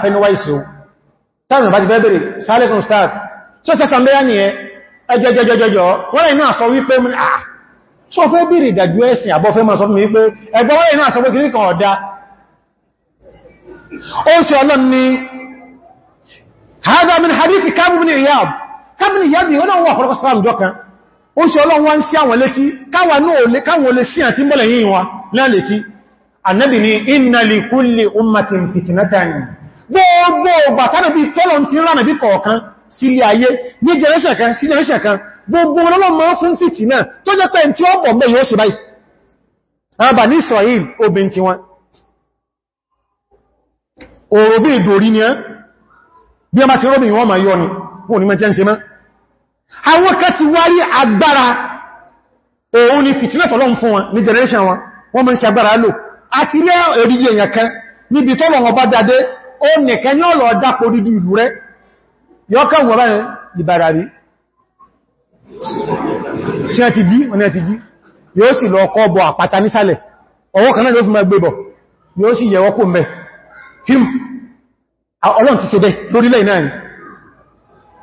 o. ní kábìnì yàbì ọ na sára àrùjọ kan ó ṣe ọlọ́run ń sí àwọn létí káwọn lè sí àti mọ́lẹ̀ yìí wa náà létí annabi ni inna li ummatin fitnatan gbogbo bàtánà bí tọ́lọ̀ ti ránà bí kọ̀ọ̀kan ayé ní kan kan gbogbo òròbí ìdòrí ni ẹ́ bí a ti rọ́bìn yọ ni wọ́n ni mẹ́ àwọn kan ti wárí agbára òun ni fìtínẹ̀tọ̀ lọ́n fún wọn ní generation wọn wọ́n mọ́ sí agbára lò àti ilé èdìdì èyàn kan níbi tọ́lọ̀ wọn bá dáadé ó nìkan ní ọ̀lọ̀ dápò dídú ìlú rẹ yọ́kàn wọ́n báyẹn ìbàrà rí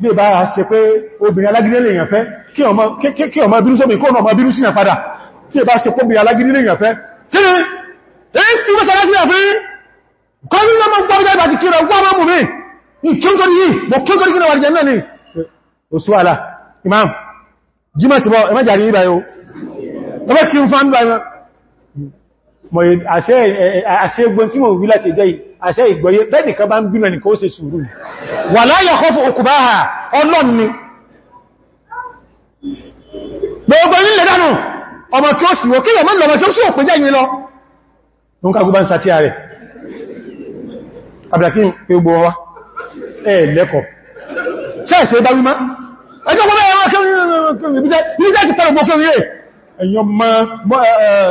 bí bá a ṣe pé obìnrin alágídé lèyàn fẹ́ kí ọmọ bínú sómi kó ọmọ bínú sí padà tí bá ṣe pọ́bìnrin alágídé lèyàn fẹ́ kí ni èyí fi wọ́n sáré sí ẹ̀fẹ́ kọ́ ní ọmọ gbọ́gbẹ́ ìbàtí kí rẹ̀ wọ́n mú mi kí ó tọ́rí yìí mọ̀ kí ó tọ́rí kí náà wà jẹ́ náà ni òsù àlà imam jímọ̀ ti bọ́ àṣẹ ìgbọ̀yẹ bẹ́nìkan bá ń bínú ẹnìkan ó ṣe sùúrù wà láyọ̀ kọfù òkùbáhà ọlọ́ni gbogbo nílẹ̀ dánù ọmọ tí ó sì wò kíyọ̀ mọ́lọ̀mọ́ tí ó sì òpin jẹ́yìn lọ ló ń ká gúbá ń sàtí ààrẹ abdàkí gbogbo wa ẹ lẹ́kọ̀ọ́ sẹ́ẹ̀sẹ̀ bá wímá ẹjọ́ gbogbo ẹ̀rọ kí ní jẹ́ ti pẹ̀lú gbogbo ẹ̀yọ́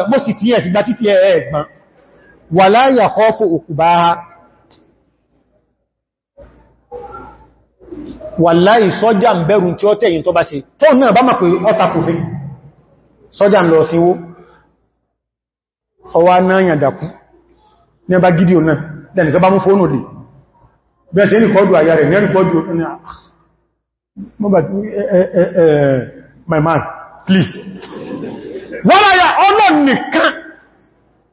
mọ́ sí tí ẹ̀ sì gbá títí ẹ̀ ẹ̀gbọ́n wàlá yàkọ́fù òkúbáha wàlá sọ́jà ń tí ó tẹ̀yìn tó bá ṣe tó náà bá mọ̀ pé sọ́jà ń lọ ọwá náà yàndàkú ní ọba gidi ò náà lẹ́nìkan bá mú fóónù lè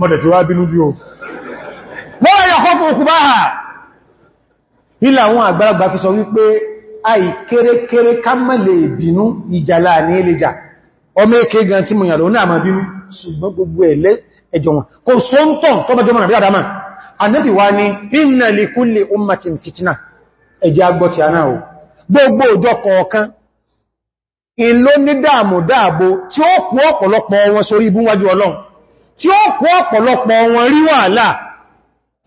mọ́dẹ̀ tí wá bínú jú o wọ́n kọ́ fún òkúbá ha àwọn àgbàlagbà fi sọ wípé àì kéré-kéré ká ní ọmọ ṣùgbọ́n gbogbo ẹjọ́ wọn kò tó bá jọmọ̀ wá ní ẹjẹ́ agbọ́tí o gbogbo òjò kọ̀ọ̀kan tí ó ọ̀pọ̀lọpọ̀ wọn sórí ibúwájú ọlọ́run tí ó kó ọ̀pọ̀lọpọ̀ wọn rí wàhálà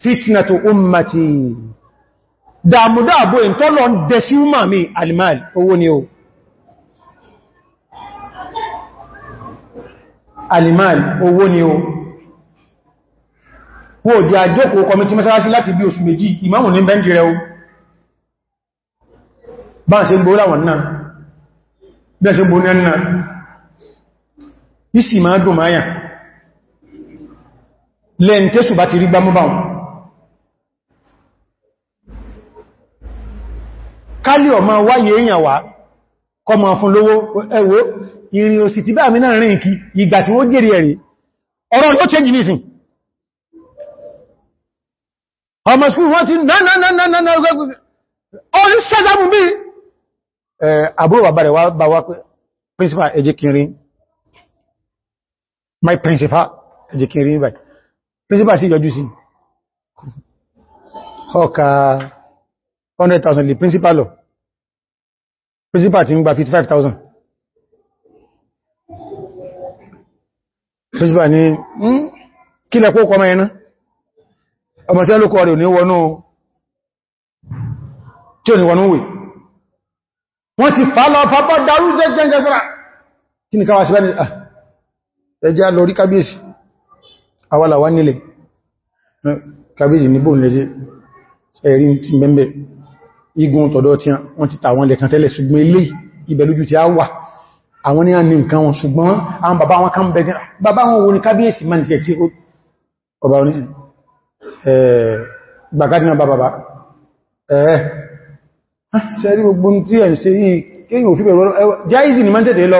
fitnatu ummati dámúdáàbò ìntọ́lọ ń dẹ sí ọmọ mi alimal owó ni o alimal owó ni o wó di àjọ́kò kọmítí mẹ́sàrásí láti bí oṣù méjì ìmáàmù ní bẹ́ndì rẹ̀ o bá ń ṣe láwọn náà bẹ́ẹ̀ ṣe gbó náà ìsì máa dùn máa yàn lẹ́n tẹ́sù bá ti rí gbámú báun kálí ọmọ wáyé èèyàn wá kọmọ fún lówó ẹwọ́ ìrìn òsì tí bá mi náà rìn kí ìgbà tí wọ́n gẹ̀rẹ̀ ọ̀rọ̀ ló change nísìn ọmọ skúl wọ́n ti náà náà náà náà principal sí yọjú sí ọkà 100,000 lè principal lọ principal ti ń gba 55,000 principal ni hmm, kí lẹ kó kọmọ ẹ̀nà ọmọ tí lókọ rẹ̀ ní wọnú tí ò ní wọnú wè wọ́n ti fà lọ fàbọ́ darú jẹ́ jẹ́ jẹ́ fúra kí ni káwà sí bẹ́ẹ̀ ah, ẹjá lórí kábíyèsí awala wá nílẹ̀ kàbíyèsí ní bóòlù lẹ́sẹ̀ ẹ̀rí ti mẹ́mẹ́ igun tọ̀dọ̀ tí wọ́n ti tàwọn lẹ̀kan tẹ́lẹ̀ ṣùgbọ́n ilé ibẹ̀ lójú ti á wà àwọn ni a ní nǹkan wọn ṣùgbọ́n àwọn bàbá wọn kan bẹ̀gẹ̀ bàbá wọn wo ni kàbíyèsí máa ti ẹ̀tí ọba oní gbàgádínà bá bàbá ẹ̀ẹ́ sẹ́rí gbogbo tí ẹ̀ ń ṣe yìí kéyìn òfin bẹ̀rọ jáìzì ni máa tẹ̀tẹ̀ lọ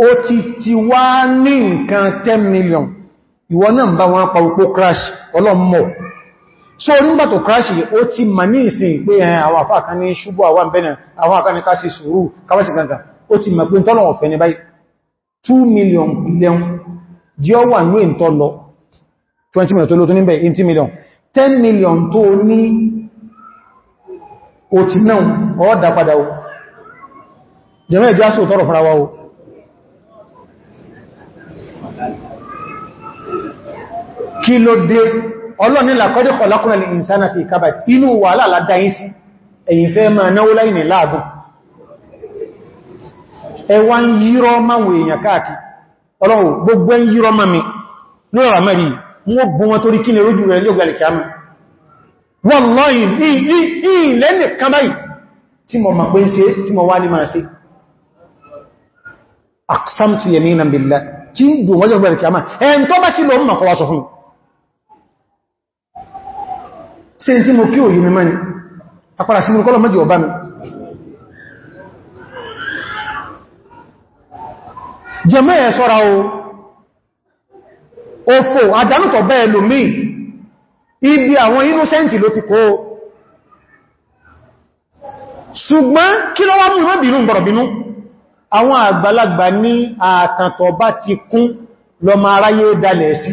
ó ti ti wá ní nǹkan 10 million ìwọ náà ń bá wọn pa òpó crash ọlọ́mọ̀ so nígbà tó crash ó ti mà ní ìsìn pé àwọn àfáà kan ní ṣubú àwọn àbẹ́nà àwọn àkan ní káṣì sùúrù káwàsì gangan ó ti mọ̀ pé tọ́lọ̀ ọ̀fẹ́ ní báyìí 2 million billion jí ọ wà ní million tó ló tó níbẹ̀ million 10 million tó ní ó ti náà ọ̀ọ́dà padà ó kí ló dé ọlọ́nìlà kọ́dí kọ̀lọ́kùnrin ìsáná fi kábàtì inú wà láàládá ìsì ẹ̀yìn fẹ́ máa náwó láìní láàgùn ẹwà ń yírọ máwọn èèyàn káàkì ọlọ́run gbogbo ń yírọ máa mi lórí àmẹ́rí wọ́n bú kí ní ṣe tí mo kí òyí mímọ́ ni àpàrà sí mú kọ́lọ̀ mọ́jọ ọba mi jẹmọ́ ẹ̀ sọ́ra o òfò àdánùtọ̀ bẹ́ẹ̀ lò mí ibi àwọn inúsẹ́ntì ló ti kó ṣùgbọ́n kí ló wá mú ìmọ́ bínú gbọ̀rọ̀bínú àwọn àgbàlagbà ní àtàntọ̀ bá ti kún lọ ma aráyé dalẹ̀ sí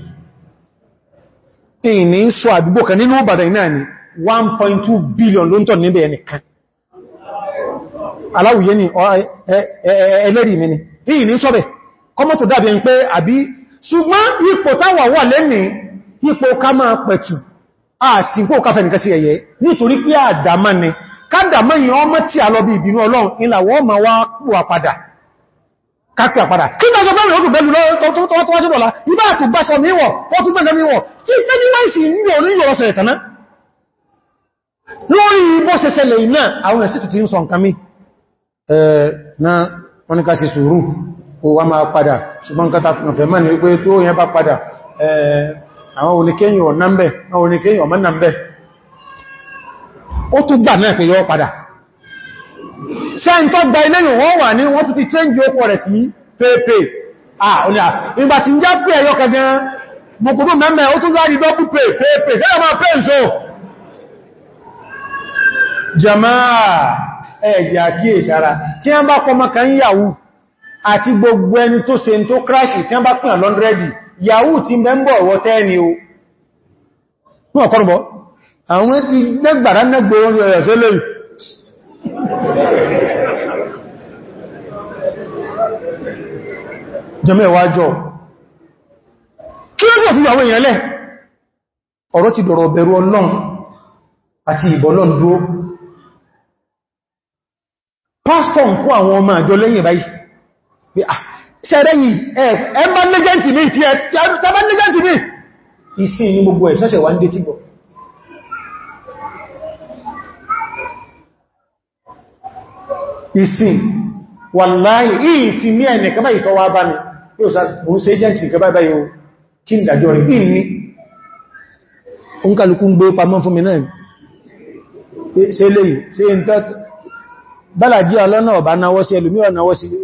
ìní ń sọ àdúgbò kan nínú náà ni 1.2 billion ló ń tọ̀ níbẹ̀ ẹnìkan aláwùyé ni ẹlẹ́rìí mi ni ìní sọ́bẹ̀ kọmọ́ tó dábẹ̀ ń pé àbí ṣùgbọ́n ipò táwà wà lẹ́ni ipò ká máa pẹ̀tù káfẹ́ nìkan ẹ̀yẹ nítorí pé ni ìbínú Ọlọ́run kápí àpadà kí bá sọ bẹ́rẹ̀ ogun bẹ́lú lọ́wọ́tọ́wọ́tọ́wọ́tọ́wọ́tọ́wọ́lá ibá àti gbáṣọ níwọ̀ wọ́n tún gbẹ́gbẹ́ níwọ̀ tí mẹ́ni wáìsì níwọ̀ níyọ̀ ọ̀sẹ̀ ìtànà lórí bó ṣe ṣẹlẹ̀ iná àwọn ẹ̀sìtù ti ń sọ nǹkan mi na wọ́n ní ká ṣe sùúrù kó wá máa padà ṣùgbọ́n kátà fẹ́ mẹ́ni wípé tó yẹn bá padà àwọn oníkéyìn ọ̀nà ń bẹ̀ sẹ́ntọ́ gba ilé yìí wọ́n wà ní wọ́n tún ti change ọkọ̀ rẹ̀ sí pẹ́ẹ̀pẹ́ àà ìgbà tí ń já pẹ́ ẹ̀yọ́ kẹgẹ́ mọ̀kúrú mẹ́mẹ́ ó tún rárí dọ́kú pẹ́ẹ̀pẹ́ sẹ́yọ́ máa pẹ́ ìṣò jama'a ẹ̀yà kí èṣàrà tí wọ́n bá kọmọ kan yàwó àti gbogbo ẹni tó ṣe tó crash tí wọ́n bá pín àlọ́ndrẹ́dì yàwó ti mẹ́mbọ̀ ọ̀wọ́ tẹ́ẹ̀ni o wọ́n kọ́rùbọ̀ àwọn ti nẹ́gbàrá nẹ́gbẹ̀rẹ̀ ọ̀sẹ́lẹ̀ jẹmẹ́ ìwájọ́ kí ló dẹ̀ fi àwọn èèyàn lẹ́ ọ̀rọ̀ ti dọ̀rọ̀ bẹ̀rù ọlọ́run àti ìbọ̀lọ́n dúró pásítọ̀ ń kó àwọn ọmọ àjọ lẹ́yìn báyìí sẹ́rẹ́yìn ah, ẹ̀ẹ́bá nẹ́gẹ́ntì mi ìsìn ní gbogbo ẹ̀ sẹ́sẹ̀ wá ń dé tí gbogbo ìsìn wàláyìn ìsìn ní ẹni kẹba ìtọwà bá ní yóò sá jẹ́ǹtì báyìí o kí n dàjọ́ rẹ̀ ìní oúnkàlùkù ń gbé pamọ́ fún mi náà ṣe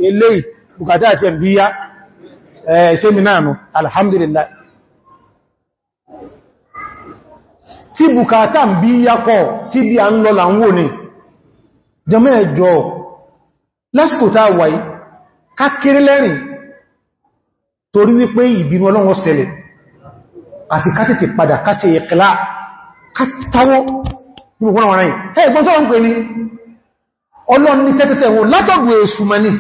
eléyìí bùkátà àti alhamdulillah tí bukata ń bí tí bí a ń ni lásìkò tàà wáyé kákiri lẹ́rìn torí wípé ìbínú ọlọ́run ṣẹlẹ̀ àti kátìtì padà kásẹ̀ ìkìlá kátàwọ́ gbogbo wọn ráyìn ẹgbọ́n tó wọ́n pè ní ọlọ́run ní tẹ́tẹ́tẹ́ wọn látọ̀gbọ̀ èṣù mẹ́ni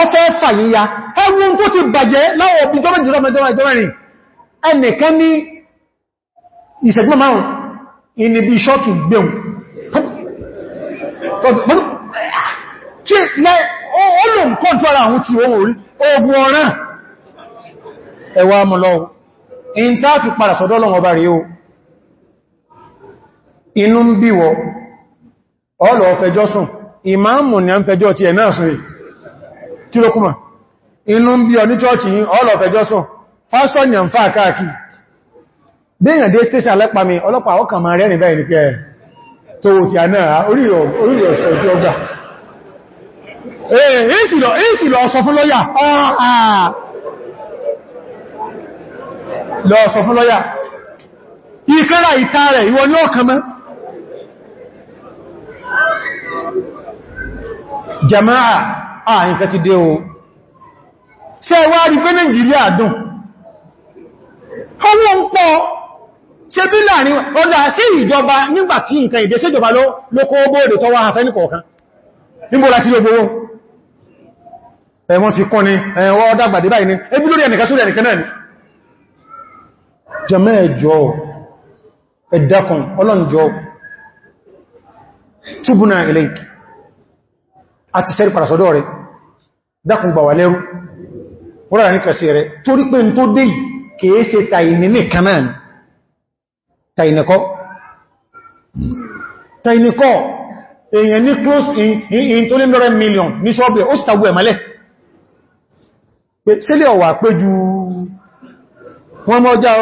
ọfẹ́ fàyíya ẹwọ́n tó ti bàjẹ́ láwọ̀ bí gọ́mẹ̀jì tí olùm kọ́ntọ́ra àwọn ti ohun ogun ọ̀rán ẹwà mọ́lọ́wọ́ in tá fi padà sọ́dọ̀ Ọlọ́run rí o inú ń wọ. ọlọ̀ ọ̀fẹjọ́ sùn ìmáàmù ni a ń fẹjọ́ ti ẹ̀ náà inú ń bí ọ ní chọ́ọ̀chì yìí ọ̀fẹjọ́ sùn pásítọ̀ ni a ń fà bí ìyàn dé stéṣà mi ọlọ́pàá ọkà máa Eh, eh, si lọ eh, sọ fún lọ́yà ah, ah. lọ fún lọ́yà ìkẹ́rà ìta rẹ̀ ìwọ ní ọkàn mẹ́ jama'a a nke ti dé o ṣe wá rí pé Nàìjíríà dùn ọwọ́ ń pọ̀ ṣe bí láàrin ọdá sí ìjọba nígbàtí nǹkan ìdẹ́sẹ́jọba ló kó bóòdè tọwọ́ àfẹ́ nìkọ̀ọ̀kan nígbò láti lọ gbówó ẹ̀wọ́n fi kún ni ẹ̀wọ́ dàgbàdé báyìí ni ebí lórí ẹnìkan sórí ẹnìkan náà ni jẹmẹ́ ẹjọ́ ẹ̀dàkùn ọlọ́njọ́ túbùnà ilẹ̀ àti sẹ́rí parasọ́dọ́ rẹ̀ dákùn gbà wà lẹ́rú wọ́n ní kàsí rẹ̀ torí pé tó dé kèése tàìní nìkan náà ni tàìnìkọ́ tàìnìkọ́ èèyàn ní close in tó lé lọ́rẹ́ million ní ṣọ́bẹ̀ ó sì tàgbù ẹ̀mọ́lẹ̀ pé sílé ọ̀wà pé ju wọ́n mọ́já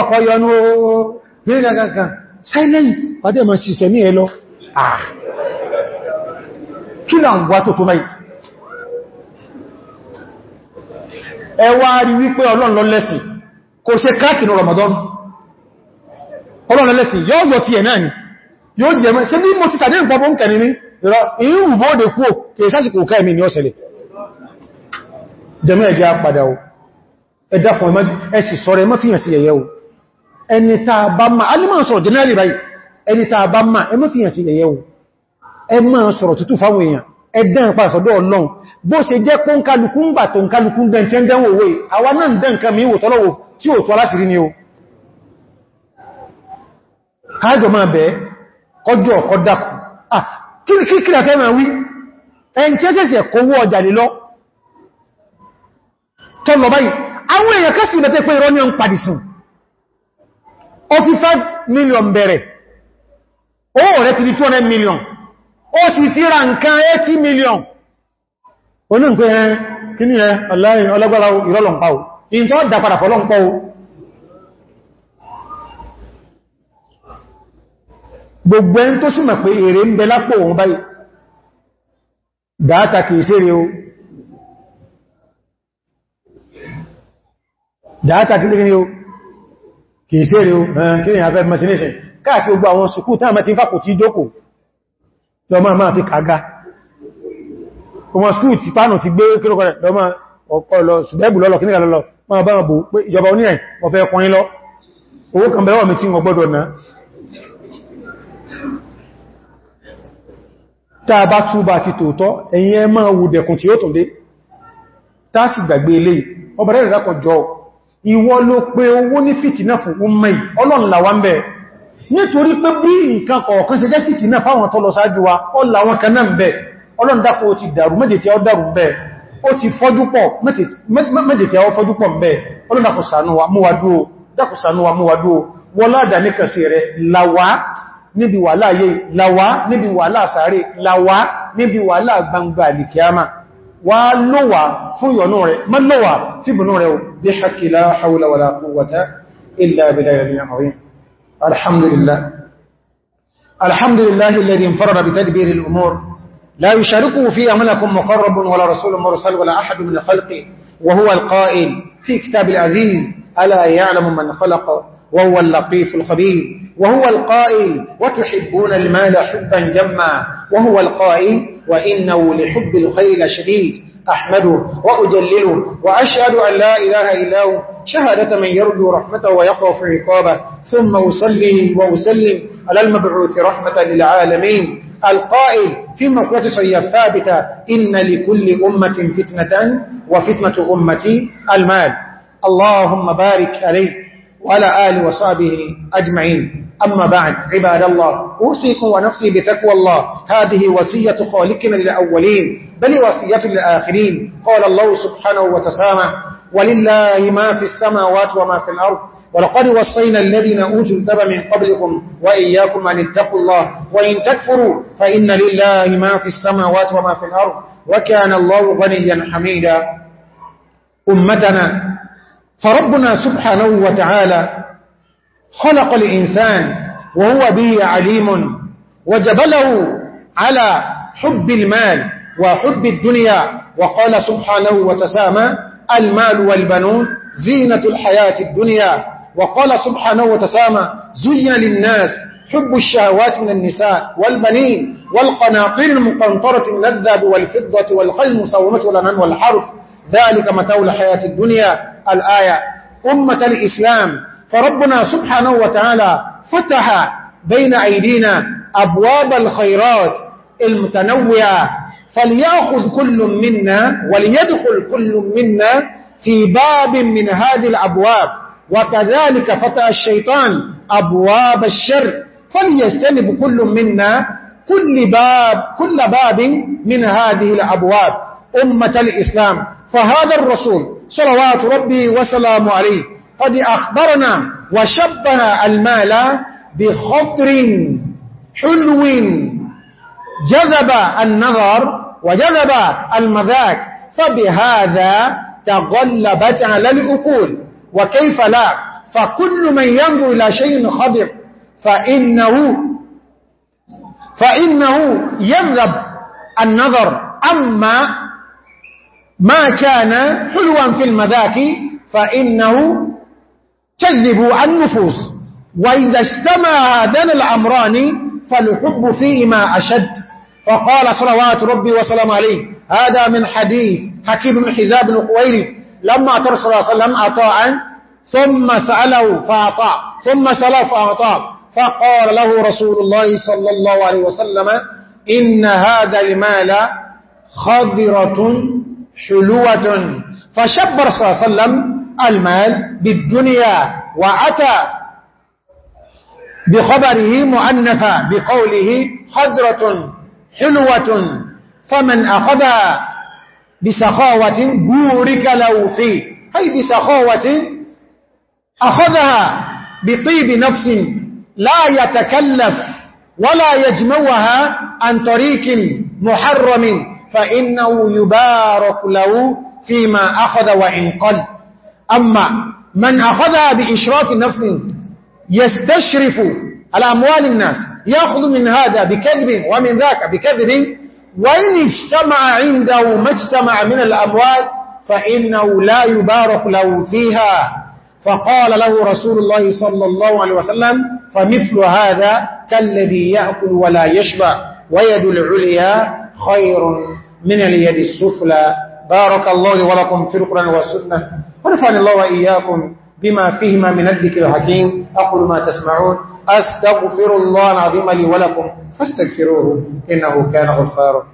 ọkọ̀ yọnú ooo kankan silent padẹ́ mọ́ sí ìsẹ̀mí ẹ lọ ah kí là ń wá tó tó báyìí ẹ wá rí wípé ọlọ́run ló lẹ́sìn kò ṣe káàkiri Ramadan ọlọ́run ló lẹ́sìn yóò yọ ti ẹ̀ náà ni yóò jẹ́ mẹ́ sí bí mo ti sàdé ìpapọ̀ ń kẹrin ní ìrọ̀ ìrùbọ́dẹ̀ kúò kèsásìkò kẹ́ẹ̀mì ni ó ṣẹlẹ̀ jẹmọ́ ẹ̀jẹ́ àpàdà o ẹ̀dàkùn ẹ̀sì sọ́rọ̀ ẹmọ́ fíyàn sí ẹ̀yẹ́ o ẹni tàà bá ma alìmọ̀ sọ̀rọ̀ jẹ́nẹ́rì báyìí ẹni tàà bá ma ẹmọ́ fíyàn sí ẹ̀yẹ́ o ẹmọ́ sọ̀rọ̀ tútù fáwọn èèyàn ẹ̀dàn pàṣọ́dọ̀ ọlọ́run bó ṣe jẹ́ pó ń kálukú ń bà tó ń kálukú ń dẹ̀ntẹ́ dẹ̀wò wé àwa náà ń dẹ̀ nǹkan mi wò tọ́lọ́wò tí ò tó aláṣìírí ni o káàjọ máa bẹ̀ẹ́ kọjọ́ ọkọ̀ dákù ah kíríkírí àtẹ́ máa wí ẹn tí ẹ́sẹ̀sẹ̀ kówó ọjà lè lọ tó lọ báyìí àwọn èèyàn kẹsì ìbẹ̀tẹ̀ pé ìrọ́ ní ọ̀n padì sí ó fi 5 million bẹ̀rẹ̀ ó rẹ̀ ti di 200 million ó sì ti ra nǹkan 80 million onú pé ẹ kí ní ẹ ọlọ́gbára ìrọ́lọ́mpá o in tó o gbogbo ẹn tó súnmọ̀ pé èrè ń bẹ lápò òun báyìí o dáátà kí síkí ní o kìí sí èrè o kí ní àfẹ́ machination káàkiri gbogbo àwọn sùkú tán mẹ́ ti fàkò tí jókò lọ máa máa fi kàga ọmọ sùkú ti pánù ti gbé kírókọrẹ lọ máa ọkọ̀ lọ ṣùgbẹ́bù lọ́lọ́ kíníkà lọ́lọ́ máa bá bò pé ìjọba onírin ọ̀fẹ́ ọkùnrin lọ owó kan bẹ̀rẹ̀ mi tí ìwọ ló pé owó ní fìtínà fún ọmọ yìí ọlọ́run làwà ń bẹ̀ nítorí pé bí nǹkan kọ̀ọ̀kan ṣe jẹ́ fìtínà fáwọn tó lọ sáájú wa ọlà wọn kan náà ń bẹ̀ ọlọ́run dákò ó ti dàrú méjèèjì ó dàrú ń bẹ̀ ó ti fọ́jú pọ̀ méjèèjì ó fọ́jú pọ̀ ń bẹ̀ ọlọ́run dákò wà lówà fún yo nu rẹ̀ mọ́ lówà tí bùnú rẹ̀ o bí hakila hawla wala quwwata illa billahi al-azim alhamdulillah alhamdulillah alladhi infarada bi tadbir al-umur la yushariku fi amalikum muqarrabun wala rasulun mursal wala ahadun min khalqi wa huwa al-qa'il fi kitab al-aziz ala ya'lamu man khalaqa wa huwa al-latif al-khabir wa wa huwa al-qa'il tuhibbuna al-mala hubban jamma wa huwa al-qa'il وإنه لحب الخير لشديد أحمده وأجلله وأشهد أن لا إله إلا هو شهادة من يرجو رحمته ويخاف عقابه ثم أصلي وأسلم على المبعوث رحمة للعالمين القائل في مقلتس الثابتة إن لكل أمة فتنة وفتنة أمتي المال اللهم بارك عليه وعلى آل وصحبه أجمعين أما بعد عباد الله أوصيكم ونفسي بتقوى الله هذه وصية خالقنا للأولين بل وصية للآخرين قال الله سبحانه وتسامى ولله ما في السماوات وما في الأرض ولقد وصينا الذين أوتوا الكتاب من قبلكم وإياكم أن اتقوا الله وإن تكفروا فإن لله ما في السماوات وما في الأرض وكان الله غنيا حميدا أمتنا فربنا سبحانه وتعالى خلق الإنسان وهو به عليم وجبله على حب المال وحب الدنيا وقال سبحانه وتسامى المال والبنون زينة الحياة الدنيا وقال سبحانه وتسامى زين للناس حب الشهوات من النساء والبنين والقناطير المقنطرة من الذهب والفضة والقلم المسومة والأنام والحرف ذلك متاع الحياة الدنيا الآية أمة الإسلام فربنا سبحانه وتعالى فتح بين أيدينا أبواب الخيرات المتنوعة فليأخذ كل منا وليدخل كل منا في باب من هذه الأبواب وكذلك فتح الشيطان أبواب الشر فليستنب كل منا كل باب كل باب من هذه الأبواب أمة الإسلام فهذا الرسول صلوات ربي وسلام عليه قد أخبرنا وشبه المال بخطر حلو جذب النظر وجذب المذاك فبهذا تغلبت على الأكول وكيف لا فكل من ينظر إلى شيء خضر فإنه فإنه يذب النظر أما ما كان حلوا في المذاك فإنه كذبوا عن نفوس وإذا اجتمع هذان الأمران فالحب فيهما أشد فقال صلوات ربي وسلام عليه هذا من حديث حكيم بن حزاب بن قويري لما اعترى صلى الله عليه وسلم أطاعا ثم سأله فأطاع ثم سأله فأطاع فقال له رسول الله صلى الله عليه وسلم إن هذا المال خضرة حلوة فشبر صلى الله عليه وسلم المال بالدنيا وعتى بخبره مؤنثا بقوله حذرة حلوة فمن أخذ بسخاوة بورك لو فيه أي بسخاوة أخذها بطيب نفس لا يتكلف ولا يجموها عن طريق محرم فإنه يبارك له فيما أخذ وإن قل أما من أخذها بإشراف نفس يستشرف على أموال الناس يأخذ من هذا بكذب ومن ذاك بكذب وإن اجتمع عنده ما اجتمع من الأموال فإنه لا يبارك له فيها فقال له رسول الله صلى الله عليه وسلم فمثل هذا كالذي يأكل ولا يشبع ويد العليا خير من اليد السفلى بارك الله ولكم في القرآن والسنة ونفعني الله وإياكم بما فيهما من الذكر الحكيم أقول ما تسمعون أستغفر الله العظيم لي ولكم فاستغفروه إنه كان غفارا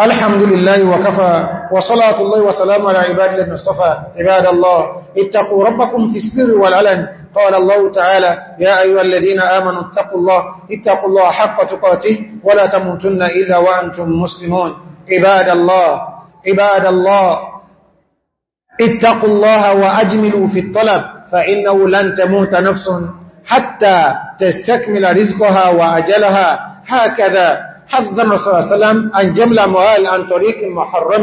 الحمد لله وكفى وصلاة الله وسلام على عباد الله المصطفى عباد الله اتقوا ربكم في السر والعلن قال الله تعالى يا أيها الذين آمنوا اتقوا الله اتقوا الله حق تقاته ولا تموتن إلا وأنتم مسلمون عباد الله عباد الله اتقوا الله وأجملوا في الطلب فإنه لن تموت نفس حتى تستكمل رزقها وأجلها هكذا حذر الرسول صلى الله عليه وسلم عن جمل مهال عن طريق محرم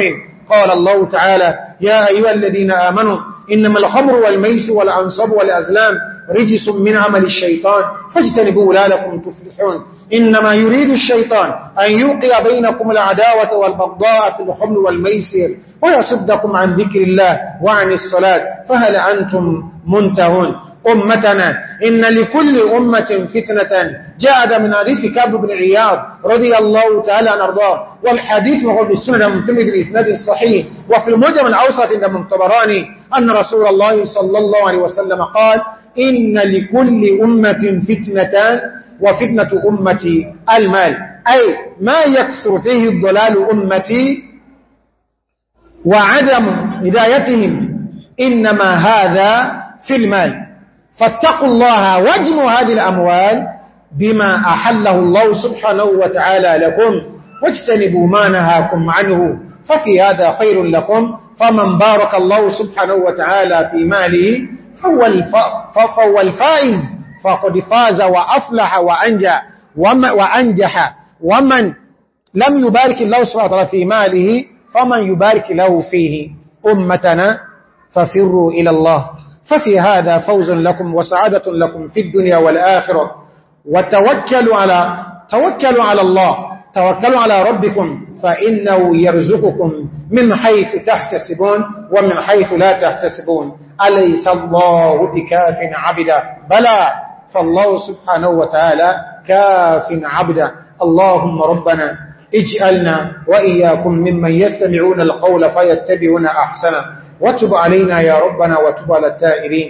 قال الله تعالى يا أيها الذين آمنوا إنما الخمر والميس والعنصب والأزلام رجس من عمل الشيطان فاجتنبوا لكم تفلحون إنما يريد الشيطان أن يوقع بينكم العداوة والبضاء في الحمل والميسر ويصدكم عن ذكر الله وعن الصلاة فهل أنتم منتهون أمتنا إن لكل أمة فتنة جاء من عريف كعب بن عياض رضي الله تعالى عن أرضاه والحديث وهو بالسنة المتمد بالإسناد الصحيح وفي المجمع الأوسط عند منطبراني أن رسول الله صلى الله عليه وسلم قال إن لكل أمة فتنة وفتنة أمتي المال أي ما يكثر فيه الضلال أمتي وعدم هدايتهم إنما هذا في المال فاتقوا الله واجموا هذه الأموال بما أحله الله سبحانه وتعالى لكم واجتنبوا ما نهاكم عنه ففي هذا خير لكم فمن بارك الله سبحانه وتعالى في ماله فهو, الف... فهو الفائز فقد فاز وأفلح وأنجى وم... وأنجح ومن لم يبارك الله سبحانه وتعالى في ماله فمن يبارك له فيه أمتنا ففروا إلى الله ففي هذا فوز لكم وسعادة لكم في الدنيا والآخرة وتوكلوا على توكلوا على الله توكلوا على ربكم فإنه يرزقكم من حيث تحتسبون ومن حيث لا تحتسبون أليس الله بكاف عبدا بلى فالله سبحانه وتعالى كاف عبدا اللهم ربنا اجعلنا وإياكم ممن يستمعون القول فيتبعون أحسنه وتب علينا يا ربنا وتب على التائبين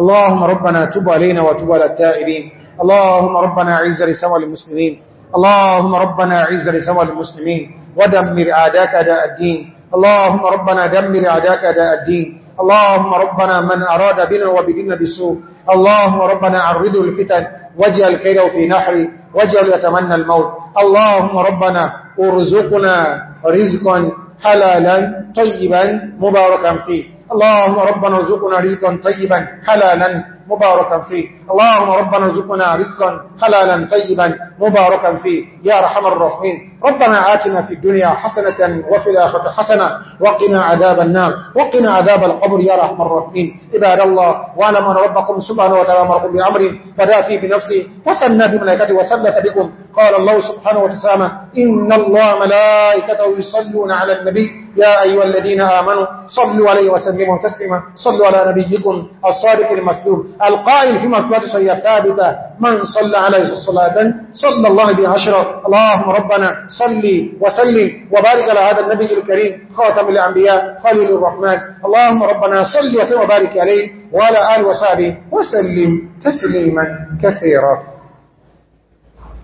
اللهم ربنا تب علينا وتب على التائبين اللهم ربنا عز لسوى المسلمين اللهم ربنا عز لسوى المسلمين ودمر أعداك أداء الدين اللهم ربنا دمر أعداك أداء الدين اللهم ربنا من أراد بنا وبدنا بسوء اللهم ربنا عرضه الفتن واجعل كيده في نحري واجعل يتمنى الموت اللهم ربنا ارزقنا رزقا حلالا طيبا مباركا فيه اللهم ربنا ارزقنا رزقا طيبا حلالا مباركا فيه اللهم ربنا ارزقنا رزقا حلالا طيبا مباركا فيه يا رحم الراحمين ربنا آتنا في الدنيا حسنة وفي الآخرة حسنة وقنا عذاب النار وقنا عذاب القبر يا رحم الراحمين عباد الله وعلم أن ربكم سبحانه وتعالى مركم بأمر فدافي بنفسه وثنى بملائكته وثلث بكم قال الله سبحانه وتسامى إن الله ملائكته يصلون على النبي يا أيها الذين آمنوا صلوا عليه وسلموا تسلما صلوا على نبيكم الصادق المسلوب القائل في مكبات صيّة ثابتة من صلى عليه الصلاة صلى الله بها عشرة اللهم ربنا صلي وسلم وبارك على هذا النبي الكريم خاتم الأنبياء خليل الرحمن اللهم ربنا صلي وسلم وبارك عليه وعلى آل وصحبه وسلم تسليما كثيرا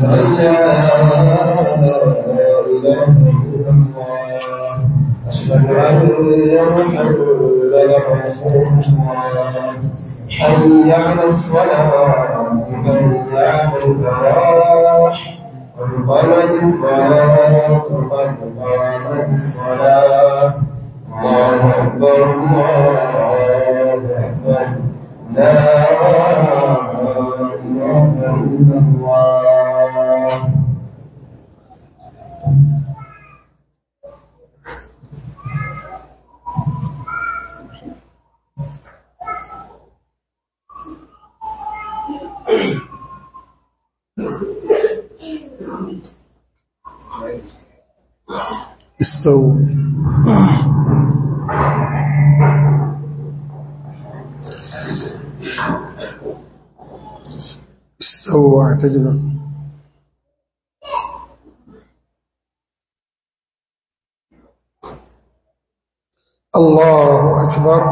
حي على الصلاة من يعلم الفراح الصلاة قد قامت الصلاة الله أكبر الله أكبر لا تجد الله أكبر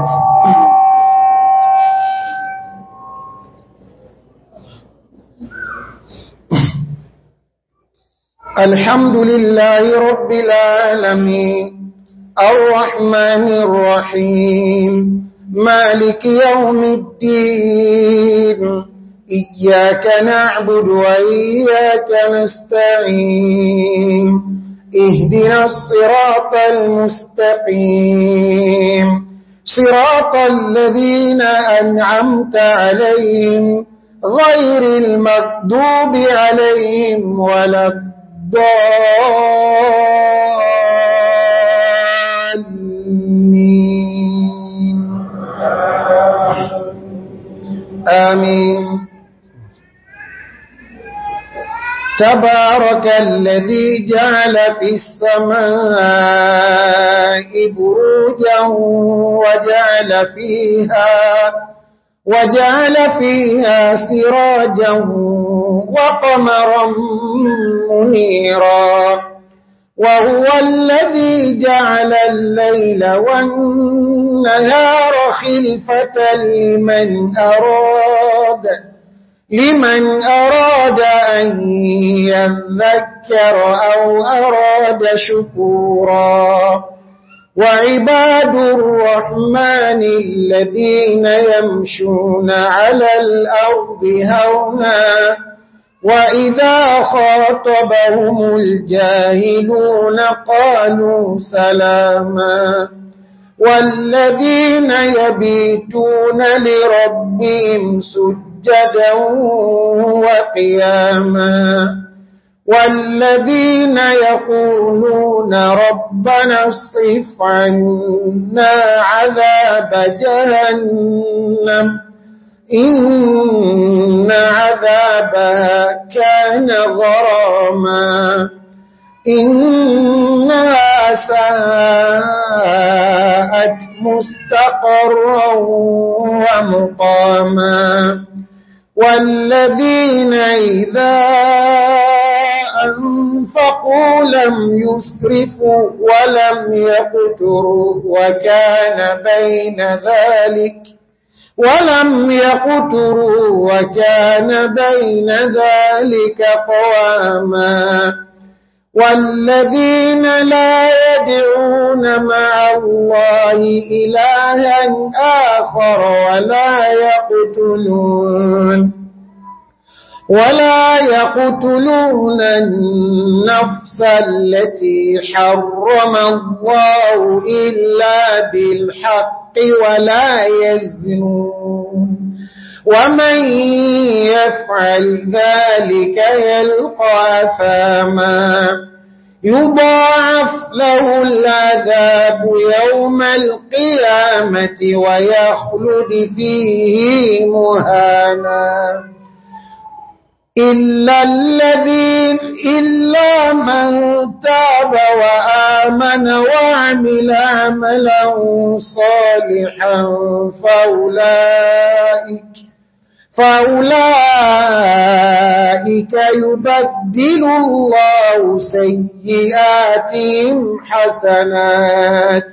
الحمد لله رب العالمين الرحمن الرحيم مالك يوم الدين إياك نعبد وإياك نستعين اهدنا الصراط المستقيم صراط الذين أنعمت عليهم غير المكذوب عليهم ولا الضالين آمين تبارك الذي جعل في السماء بروجا وجعل فيها وجعل فيها سراجا وقمرا منيرا وهو الذي جعل الليل والنهار خلفة لمن أراد لمن أراد أن يذكر أو أراد شكورا وعباد الرحمن الذين يمشون على الأرض هونا وإذا خاطبهم الجاهلون قالوا سلاما والذين يبيتون لربهم سجدا سجدا وقياما والذين يقولون ربنا اصرف عنا عذاب جهنم إن عذابها كان غراما إنها ساءت مستقرا ومقاما والذين إذا أنفقوا لم يسرفوا ولم يقتروا وكان بين ذلك ولم يقتروا وكان بين ذلك قواما والذين لا يدعون مع الله إلها آخر ولا يقتلون ولا يقتلون النفس التي حرم الله إلا بالحق ولا يزنون ومن يفعل ذلك يلقى أثاما يضاعف له العذاب يوم القيامة ويخلد فيه مهانا إلا الذين إلا من تاب وآمن وعمل عملا صالحا فأولئك فأولئك يبدل الله سيئاتهم حسنات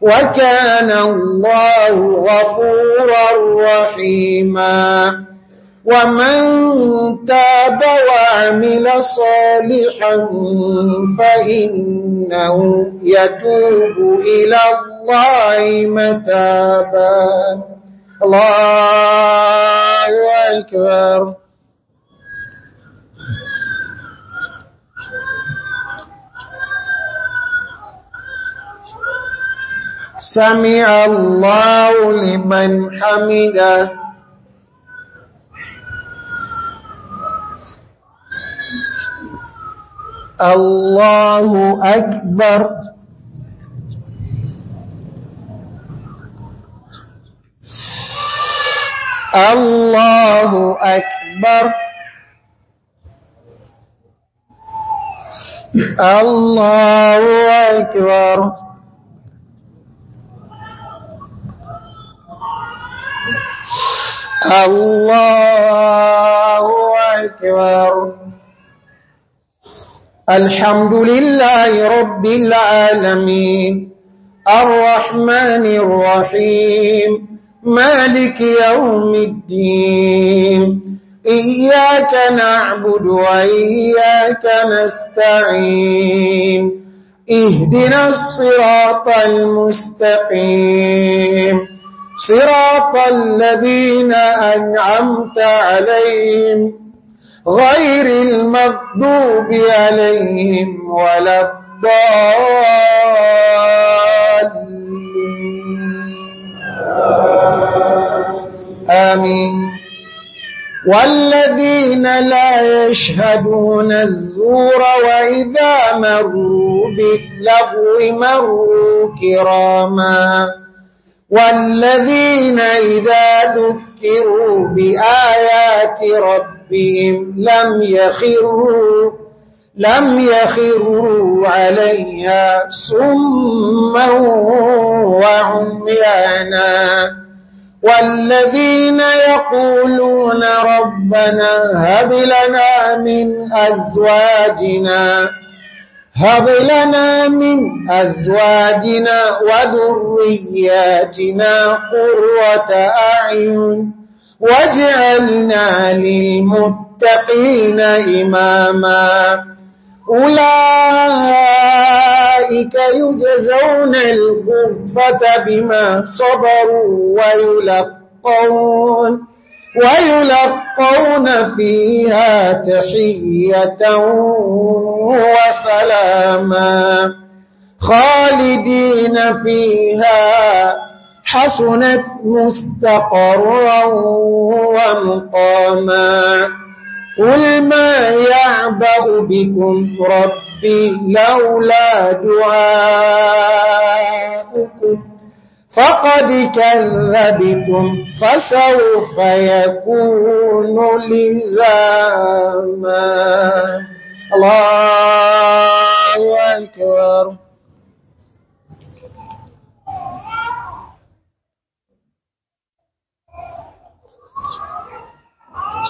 وكان الله غفورا رحيما ومن تاب وعمل صالحا فإنه يتوب إلى الله متابا الله الكبار سمع الله لمن حمده الله أكبر الله أكبر الله أكبر الله أكبر الحمد لله رب العالمين الرحمن الرحيم مالك يوم الدين إياك نعبد وإياك نستعين اهدنا الصراط المستقيم صراط الذين أنعمت عليهم غير المغضوب عليهم ولا الضالين آمين والذين لا يشهدون الزور وإذا مروا باللغو مروا كراما والذين إذا ذكروا بآيات ربهم لم يخروا لم يخروا عليها سما وعميانا والذين يقولون ربنا هب لنا من أزواجنا هب لنا من أزواجنا وذرياتنا قرة أعين واجعلنا للمتقين إماماً أولئك يجزون الغرفة بما صبروا ويلقون ويلقون فيها تحية وسلاما خالدين فيها حسنت مستقرا ومقاما قل ما يعبأ بكم ربي لولا دعاؤكم فقد كذبتم فسوف يكون لزاما الله أكبر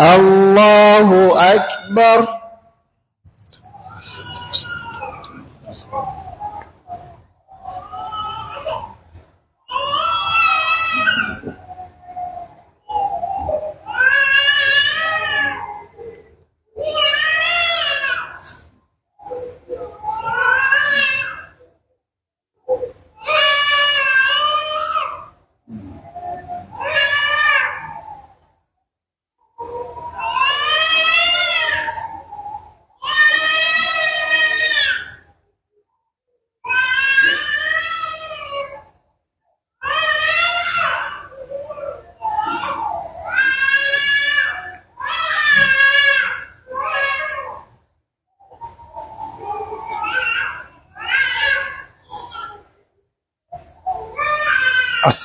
الله أكبر